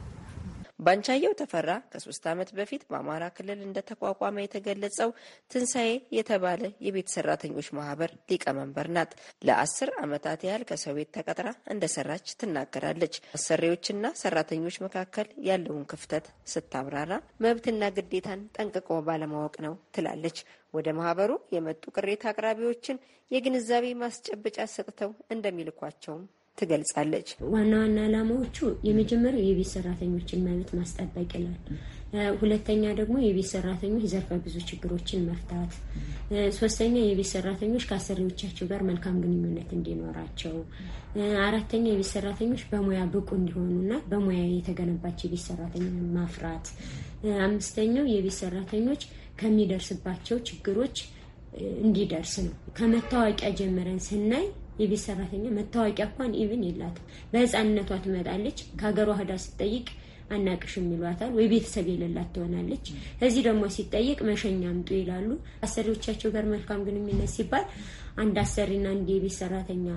ባንቻየው ተፈራ ከሶስት ዓመት በፊት በአማራ ክልል እንደተቋቋመ የተገለጸው ትንሣኤ የተባለ የቤት ሰራተኞች ማህበር ሊቀመንበር ናት። ለአስር ዓመታት ያህል ከሰው ቤት ተቀጥራ እንደሰራች ትናገራለች። አሰሪዎችና ሰራተኞች መካከል ያለውን ክፍተት ስታብራራ መብትና ግዴታን ጠንቅቆ ባለማወቅ ነው ትላለች። ወደ ማህበሩ የመጡ ቅሬታ አቅራቢዎችን የግንዛቤ ማስጨበጫ ሰጥተው እንደሚልኳቸውም ትገልጻለች። ዋና ዋና ዓላማዎቹ የመጀመሪያው የቤት ሰራተኞችን መብት ማስጠበቅ ይላል። ሁለተኛ ደግሞ የቤት ሰራተኞች ዘርፈ ብዙ ችግሮችን መፍታት፣ ሶስተኛ የቤት ሰራተኞች ከአሰሪዎቻቸው ጋር መልካም ግንኙነት እንዲኖራቸው፣ አራተኛ የቤት ሰራተኞች በሙያ ብቁ እንዲሆኑና በሙያ የተገነባቸው የቤት ሰራተኛ ማፍራት፣ አምስተኛው የቤት ሰራተኞች ከሚደርስባቸው ችግሮች እንዲደርስ ነው። ከመታወቂያ ጀምረን ስናይ የቤት ሰራተኛ መታወቂያ እንኳን ኢቭን የላትም። በህፃንነቷ ትመጣለች። ከሀገሯ ህዳ ስትጠይቅ አናቅሽም ይሏታል። ወይ ቤተሰብ የሌላት ትሆናለች። እዚህ ደግሞ ሲጠይቅ መሸኛ አምጡ ይላሉ። አሰሪዎቻቸው ጋር መልካም ግንኙነት ሲባል አንድ አሰሪና አንድ የቤት ሰራተኛ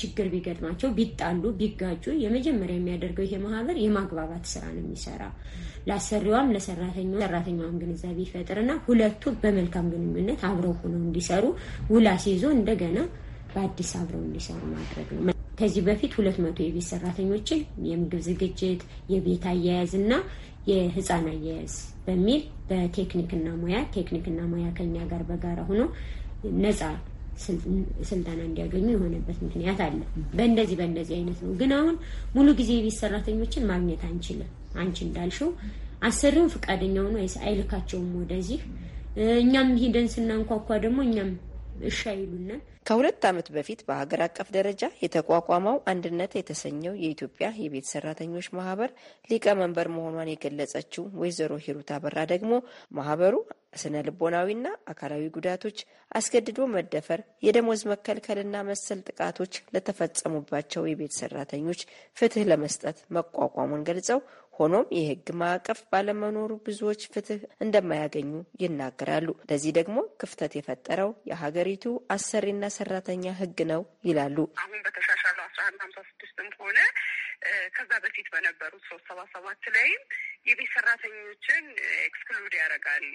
ችግር ቢገጥማቸው ቢጣሉ፣ ቢጋጩ የመጀመሪያ የሚያደርገው ይሄ ማህበር የማግባባት ስራ ነው የሚሰራ ለአሰሪዋም ለሰራተኛ ሰራተኛዋም ግንዛቤ ይፈጥርና ሁለቱ በመልካም ግንኙነት አብረው ሆነው እንዲሰሩ ውላ ሲይዞ እንደገና በአዲስ አብረው እንዲሰሩ ማድረግ ነው። ከዚህ በፊት ሁለት መቶ የቤት ሰራተኞችን የምግብ ዝግጅት፣ የቤት አያያዝ እና የህፃን አያያዝ በሚል በቴክኒክና ሙያ ቴክኒክና ሙያ ከኛ ጋር በጋራ ሆኖ ነፃ ስልጠና እንዲያገኙ የሆነበት ምክንያት አለ። በእንደዚህ በእንደዚህ አይነት ነው። ግን አሁን ሙሉ ጊዜ የቤት ሰራተኞችን ማግኘት አንችልም። አንቺ እንዳልሽው አሰሪውን ፈቃደኛ ሆኖ አይልካቸውም ወደዚህ። እኛም ሂደን ስናንኳኳ ደግሞ እኛም እሺ አይሉንም። ከሁለት ዓመት በፊት በሀገር አቀፍ ደረጃ የተቋቋመው አንድነት የተሰኘው የኢትዮጵያ የቤት ሰራተኞች ማህበር ሊቀመንበር መሆኗን የገለጸችው ወይዘሮ ሂሩት አበራ ደግሞ ማህበሩ ስነ ልቦናዊና አካላዊ ጉዳቶች፣ አስገድዶ መደፈር፣ የደሞዝ መከልከልና መሰል ጥቃቶች ለተፈጸሙባቸው የቤት ሰራተኞች ፍትህ ለመስጠት መቋቋሙን ገልጸው ሆኖም የህግ ማዕቀፍ ባለመኖሩ ብዙዎች ፍትህ እንደማያገኙ ይናገራሉ። ለዚህ ደግሞ ክፍተት የፈጠረው የሀገሪቱ አሰሪና ሰራተኛ ህግ ነው ይላሉ። አሁን በተሻሻለው አስራ አንድ ሀምሳ ስድስትም ሆነ ከዛ በፊት በነበሩት ሶስት ሰባ ሰባት ላይም የቤት ሰራተኞችን ኤክስክሉድ ያደርጋል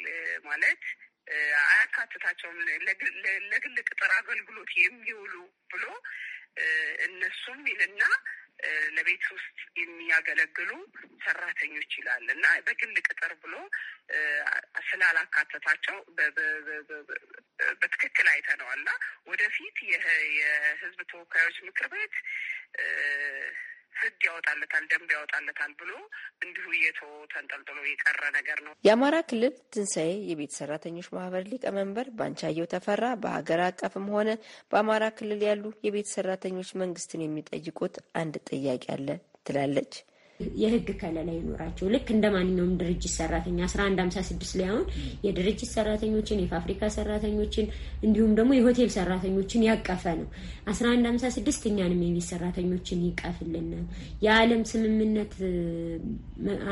ማለት አያካትታቸውም ለግል ቅጥር አገልግሎት የሚውሉ ብሎ እነሱም ይልና ለቤት ውስጥ የሚያገለግሉ ሰራተኞች ይላል እና በግል ቅጥር ብሎ ስላላካተታቸው በትክክል አይተነዋል እና ወደፊት የህዝብ ተወካዮች ምክር ቤት ህግ ያወጣለታል፣ ደንብ ያወጣለታል ብሎ እንዲሁ የቶ ተንጠልጥሎ የቀረ ነገር ነው። የአማራ ክልል ትንሣኤ የቤት ሰራተኞች ማህበር ሊቀመንበር ባንቻየው ተፈራ በሀገር አቀፍም ሆነ በአማራ ክልል ያሉ የቤት ሰራተኞች መንግስትን የሚጠይቁት አንድ ጥያቄ አለ ትላለች። የህግ ከለላ ይኖራቸው። ልክ እንደ ማንኛውም ድርጅት ሰራተኛ አስራ አንድ ሀምሳ ስድስት ላይ አሁን የድርጅት ሰራተኞችን፣ የፋብሪካ ሰራተኞችን እንዲሁም ደግሞ የሆቴል ሰራተኞችን ያቀፈ ነው። አስራ አንድ ሀምሳ ስድስት እኛንም የቤት ሰራተኞችን ይቀፍልን። የዓለም ስምምነት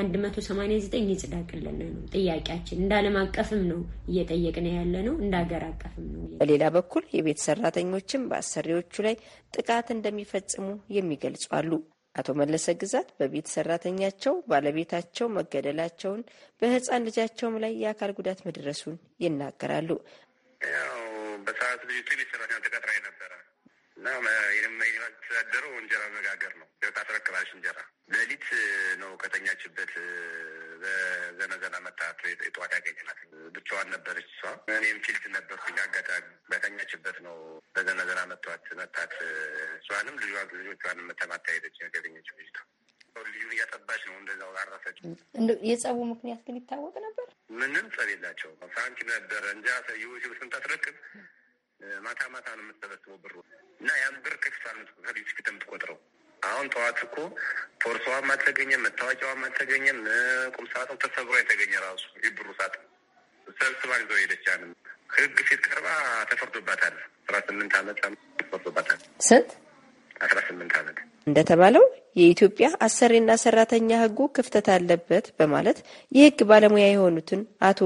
አንድ መቶ ሰማንያ ዘጠኝ ይጽዳቅልን ነው ጥያቄያችን። እንደ ዓለም አቀፍም ነው እየጠየቅን ያለ ነው፣ እንደ ሀገር አቀፍም ነው። በሌላ በኩል የቤት ሰራተኞችም በአሰሪዎቹ ላይ ጥቃት እንደሚፈጽሙ የሚገልጹ አሉ። አቶ መለሰ ግዛት በቤት ሰራተኛቸው ባለቤታቸው መገደላቸውን በህፃን ልጃቸውም ላይ የአካል ጉዳት መድረሱን ይናገራሉ። ያው በሰዓት ልጅቱ ቤት ሰራተኛ ተቀጥራ ነበረ እና ይህም የሚተዳደረው እንጀራ መጋገር ነው። ታስረክባለች እንጀራ ሌሊት ነው ከተኛችበት ዘነዘና መታት የጠዋት ያገኘናት ብቻዋን ነበረች። እሷ እኔም ፊልድ ነበርኩኝ። አጋጣሚ በተኛችበት ነው በዘነዘና መታት መታት። እሷንም ልጆቿን መተማታ ሄደች ገገኘች ልጅቷ ልዩን እያጠባች ነው። እንደዛው አረፈች። የጸቡ ምክንያት ግን ይታወቅ ነበር። ምንም ጸብ የላቸው ፍራንክ ነበረ እንጂ ዩቲብ ስንታትረክብ ማታ ማታ ነው የምትሰበስበው ብሩ እና ያን ብር ክትፋ ከቤት ፊት የምትቆጥረው አሁን ጠዋት እኮ ፖርሶዋም አልተገኘም፣ መታወቂያዋም አልተገኘም። ቁም ሳጥኑ ተሰብሮ የተገኘ ራሱ ይብሩ ሳጥን ሰብስባ ይዘው ሄደቻንም ህግ ፊት ቀርባ ተፈርዶባታል። አስራ ስምንት አመት ተፈርዶባታል። ስንት? አስራ ስምንት አመት እንደተባለው የኢትዮጵያ አሰሪና ሰራተኛ ህጉ ክፍተት አለበት በማለት የህግ ባለሙያ የሆኑትን አቶ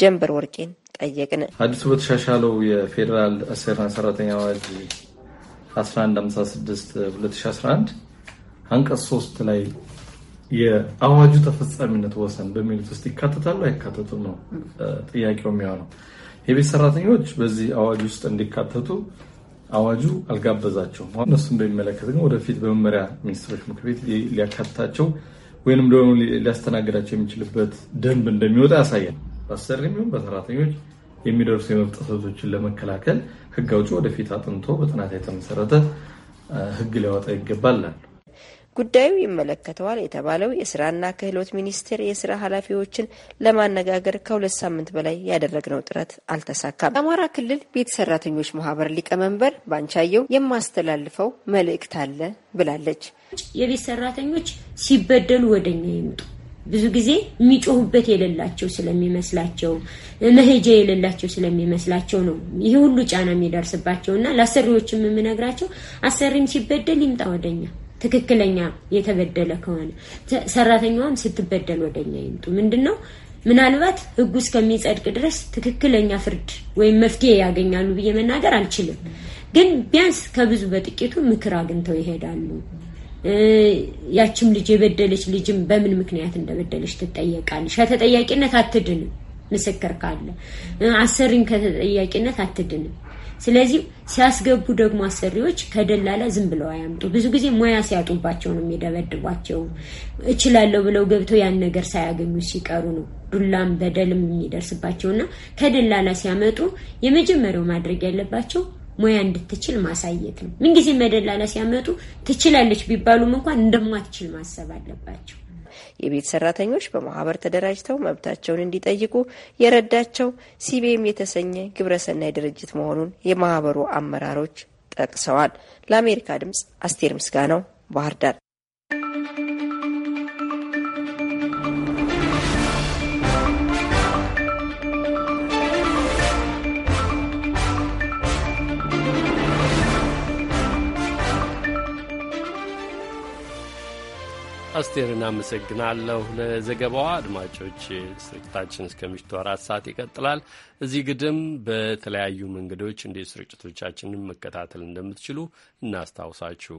ጀንበር ወርቄን ጠየቅን። አዲሱ በተሻሻለው የፌዴራል አሰሪና ሰራተኛ አዋጅ 1156 አንቀጽ 3 ላይ የአዋጁ ተፈጻሚነት ወሰን በሚሉት ውስጥ ይካተታሉ አይካተቱ ነው ጥያቄው የሚሆነው። የቤት ሰራተኞች በዚህ አዋጅ ውስጥ እንዲካተቱ አዋጁ አልጋበዛቸውም። እነሱን በሚመለከት ግን ወደፊት በመመሪያ ሚኒስትሮች ምክር ቤት ሊያካትታቸው ወይንም ደግሞ ሊያስተናግዳቸው የሚችልበት ደንብ እንደሚወጣ ያሳያል። በአሰሪም ይሁን በሰራተኞች የሚደርሱ የመብት ጥሰቶችን ለመከላከል ህግ አውጪ ወደፊት አጥንቶ በጥናት የተመሰረተ ህግ ሊያወጣ ይገባል። ጉዳዩ ይመለከተዋል የተባለው የስራና ክህሎት ሚኒስቴር የስራ ኃላፊዎችን ለማነጋገር ከሁለት ሳምንት በላይ ያደረግነው ጥረት አልተሳካም። የአማራ ክልል ቤት ሰራተኞች ማህበር ሊቀመንበር ባንቻየው የማስተላልፈው መልእክት አለ ብላለች። የቤት ሰራተኞች ሲበደሉ ወደኛ ይምጡ ብዙ ጊዜ የሚጮሁበት የሌላቸው ስለሚመስላቸው መሄጃ የሌላቸው ስለሚመስላቸው ነው ይሄ ሁሉ ጫና የሚደርስባቸው እና ለአሰሪዎችም የምነግራቸው አሰሪም ሲበደል ይምጣ ወደኛ ትክክለኛ የተበደለ ከሆነ ሰራተኛዋም ስትበደል ወደኛ ይምጡ ምንድን ነው ምናልባት ህጉ እስከሚጸድቅ ድረስ ትክክለኛ ፍርድ ወይም መፍትሄ ያገኛሉ ብዬ መናገር አልችልም ግን ቢያንስ ከብዙ በጥቂቱ ምክር አግኝተው ይሄዳሉ ያችም ልጅ የበደለች ልጅም በምን ምክንያት እንደበደለች ትጠየቃለች። ከተጠያቂነት አትድንም። ምስክር ካለ አሰሪም ከተጠያቂነት አትድንም። ስለዚህ ሲያስገቡ ደግሞ አሰሪዎች ከደላላ ዝም ብለው አያምጡ። ብዙ ጊዜ ሙያ ሲያጡባቸው ነው የሚደበድቧቸው። እችላለሁ ብለው ገብተው ያን ነገር ሳያገኙ ሲቀሩ ነው ዱላም በደልም የሚደርስባቸውና ከደላላ ሲያመጡ የመጀመሪያው ማድረግ ያለባቸው ሙያ እንድትችል ማሳየት ነው። ምንጊዜ መደላላ ሲያመጡ ትችላለች ቢባሉም እንኳን እንደማትችል ማሰብ አለባቸው። የቤት ሰራተኞች በማህበር ተደራጅተው መብታቸውን እንዲጠይቁ የረዳቸው ሲቢኤም የተሰኘ ግብረሰናይ ድርጅት መሆኑን የማህበሩ አመራሮች ጠቅሰዋል። ለአሜሪካ ድምጽ አስቴር ምስጋናው ባህር ዳር። አስቴር እናመሰግናለሁ ለዘገባዋ። አድማጮች ስርጭታችን እስከ ምሽቱ አራት ሰዓት ይቀጥላል። እዚህ ግድም በተለያዩ መንገዶች እንዴት ስርጭቶቻችንን መከታተል እንደምትችሉ እናስታውሳችሁ።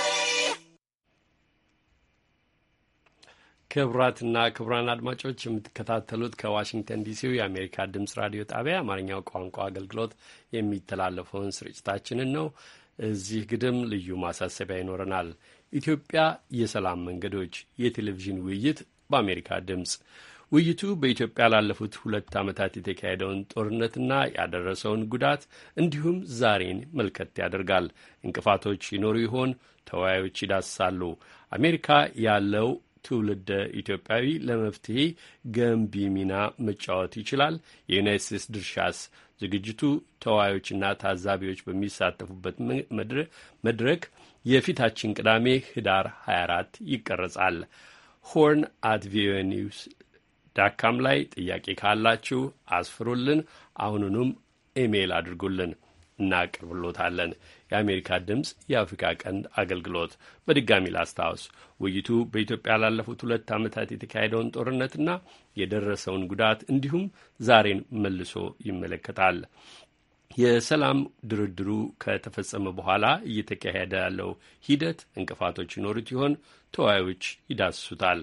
ክቡራትና ክቡራን አድማጮች የምትከታተሉት ከዋሽንግተን ዲሲው የአሜሪካ ድምጽ ራዲዮ ጣቢያ አማርኛው ቋንቋ አገልግሎት የሚተላለፈውን ስርጭታችንን ነው። እዚህ ግድም ልዩ ማሳሰቢያ ይኖረናል። ኢትዮጵያ የሰላም መንገዶች የቴሌቪዥን ውይይት በአሜሪካ ድምፅ ውይይቱ በኢትዮጵያ ላለፉት ሁለት ዓመታት የተካሄደውን ጦርነትና ያደረሰውን ጉዳት እንዲሁም ዛሬን መልከት ያደርጋል። እንቅፋቶች ይኖሩ ይሆን? ተወያዮች ይዳስሳሉ። አሜሪካ ያለው ትውልደ ኢትዮጵያዊ ለመፍትሄ ገንቢ ሚና መጫወት ይችላል? የዩናይት ስቴትስ ድርሻስ? ዝግጅቱ ተዋዮችና ታዛቢዎች በሚሳተፉበት መድረክ የፊታችን ቅዳሜ ህዳር 24 ይቀረጻል። ሆርን አት ቪኦኤ ኒውስ ዳካም ላይ ጥያቄ ካላችሁ አስፍሩልን፣ አሁኑንም ኢሜይል አድርጉልን። እናቀርብሎታለን። የአሜሪካ ድምፅ የአፍሪካ ቀንድ አገልግሎት በድጋሚ ላስታውስ። ውይይቱ በኢትዮጵያ ላለፉት ሁለት ዓመታት የተካሄደውን ጦርነትና የደረሰውን ጉዳት እንዲሁም ዛሬን መልሶ ይመለከታል። የሰላም ድርድሩ ከተፈጸመ በኋላ እየተካሄደ ያለው ሂደት እንቅፋቶች ይኖሩት ይሆን? ተወያዮች ይዳስሱታል።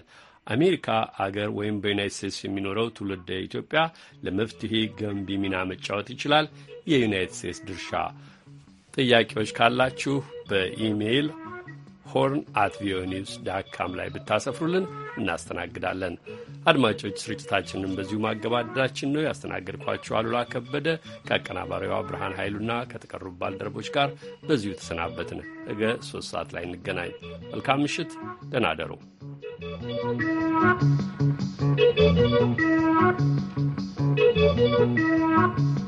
አሜሪካ አገር ወይም በዩናይት ስቴትስ የሚኖረው ትውልደ ኢትዮጵያ ለመፍትሄ ገንቢ ሚና መጫወት ይችላል። የዩናይት ስቴትስ ድርሻ ጥያቄዎች ካላችሁ በኢሜይል ሆርን አት ቪኦኤ ኒውስ ዳካም ላይ ብታሰፍሩልን እናስተናግዳለን። አድማጮች ስርጭታችንን በዚሁ ማገባደዳችን ነው። ያስተናገድኳችሁ አሉላ ከበደ ከአቀናባሪዋ ብርሃን ኃይሉና ከተቀሩ ባልደረቦች ጋር በዚሁ ተሰናበትን። እገ ሶስት ሰዓት ላይ እንገናኝ። መልካም ምሽት፣ ደህና you.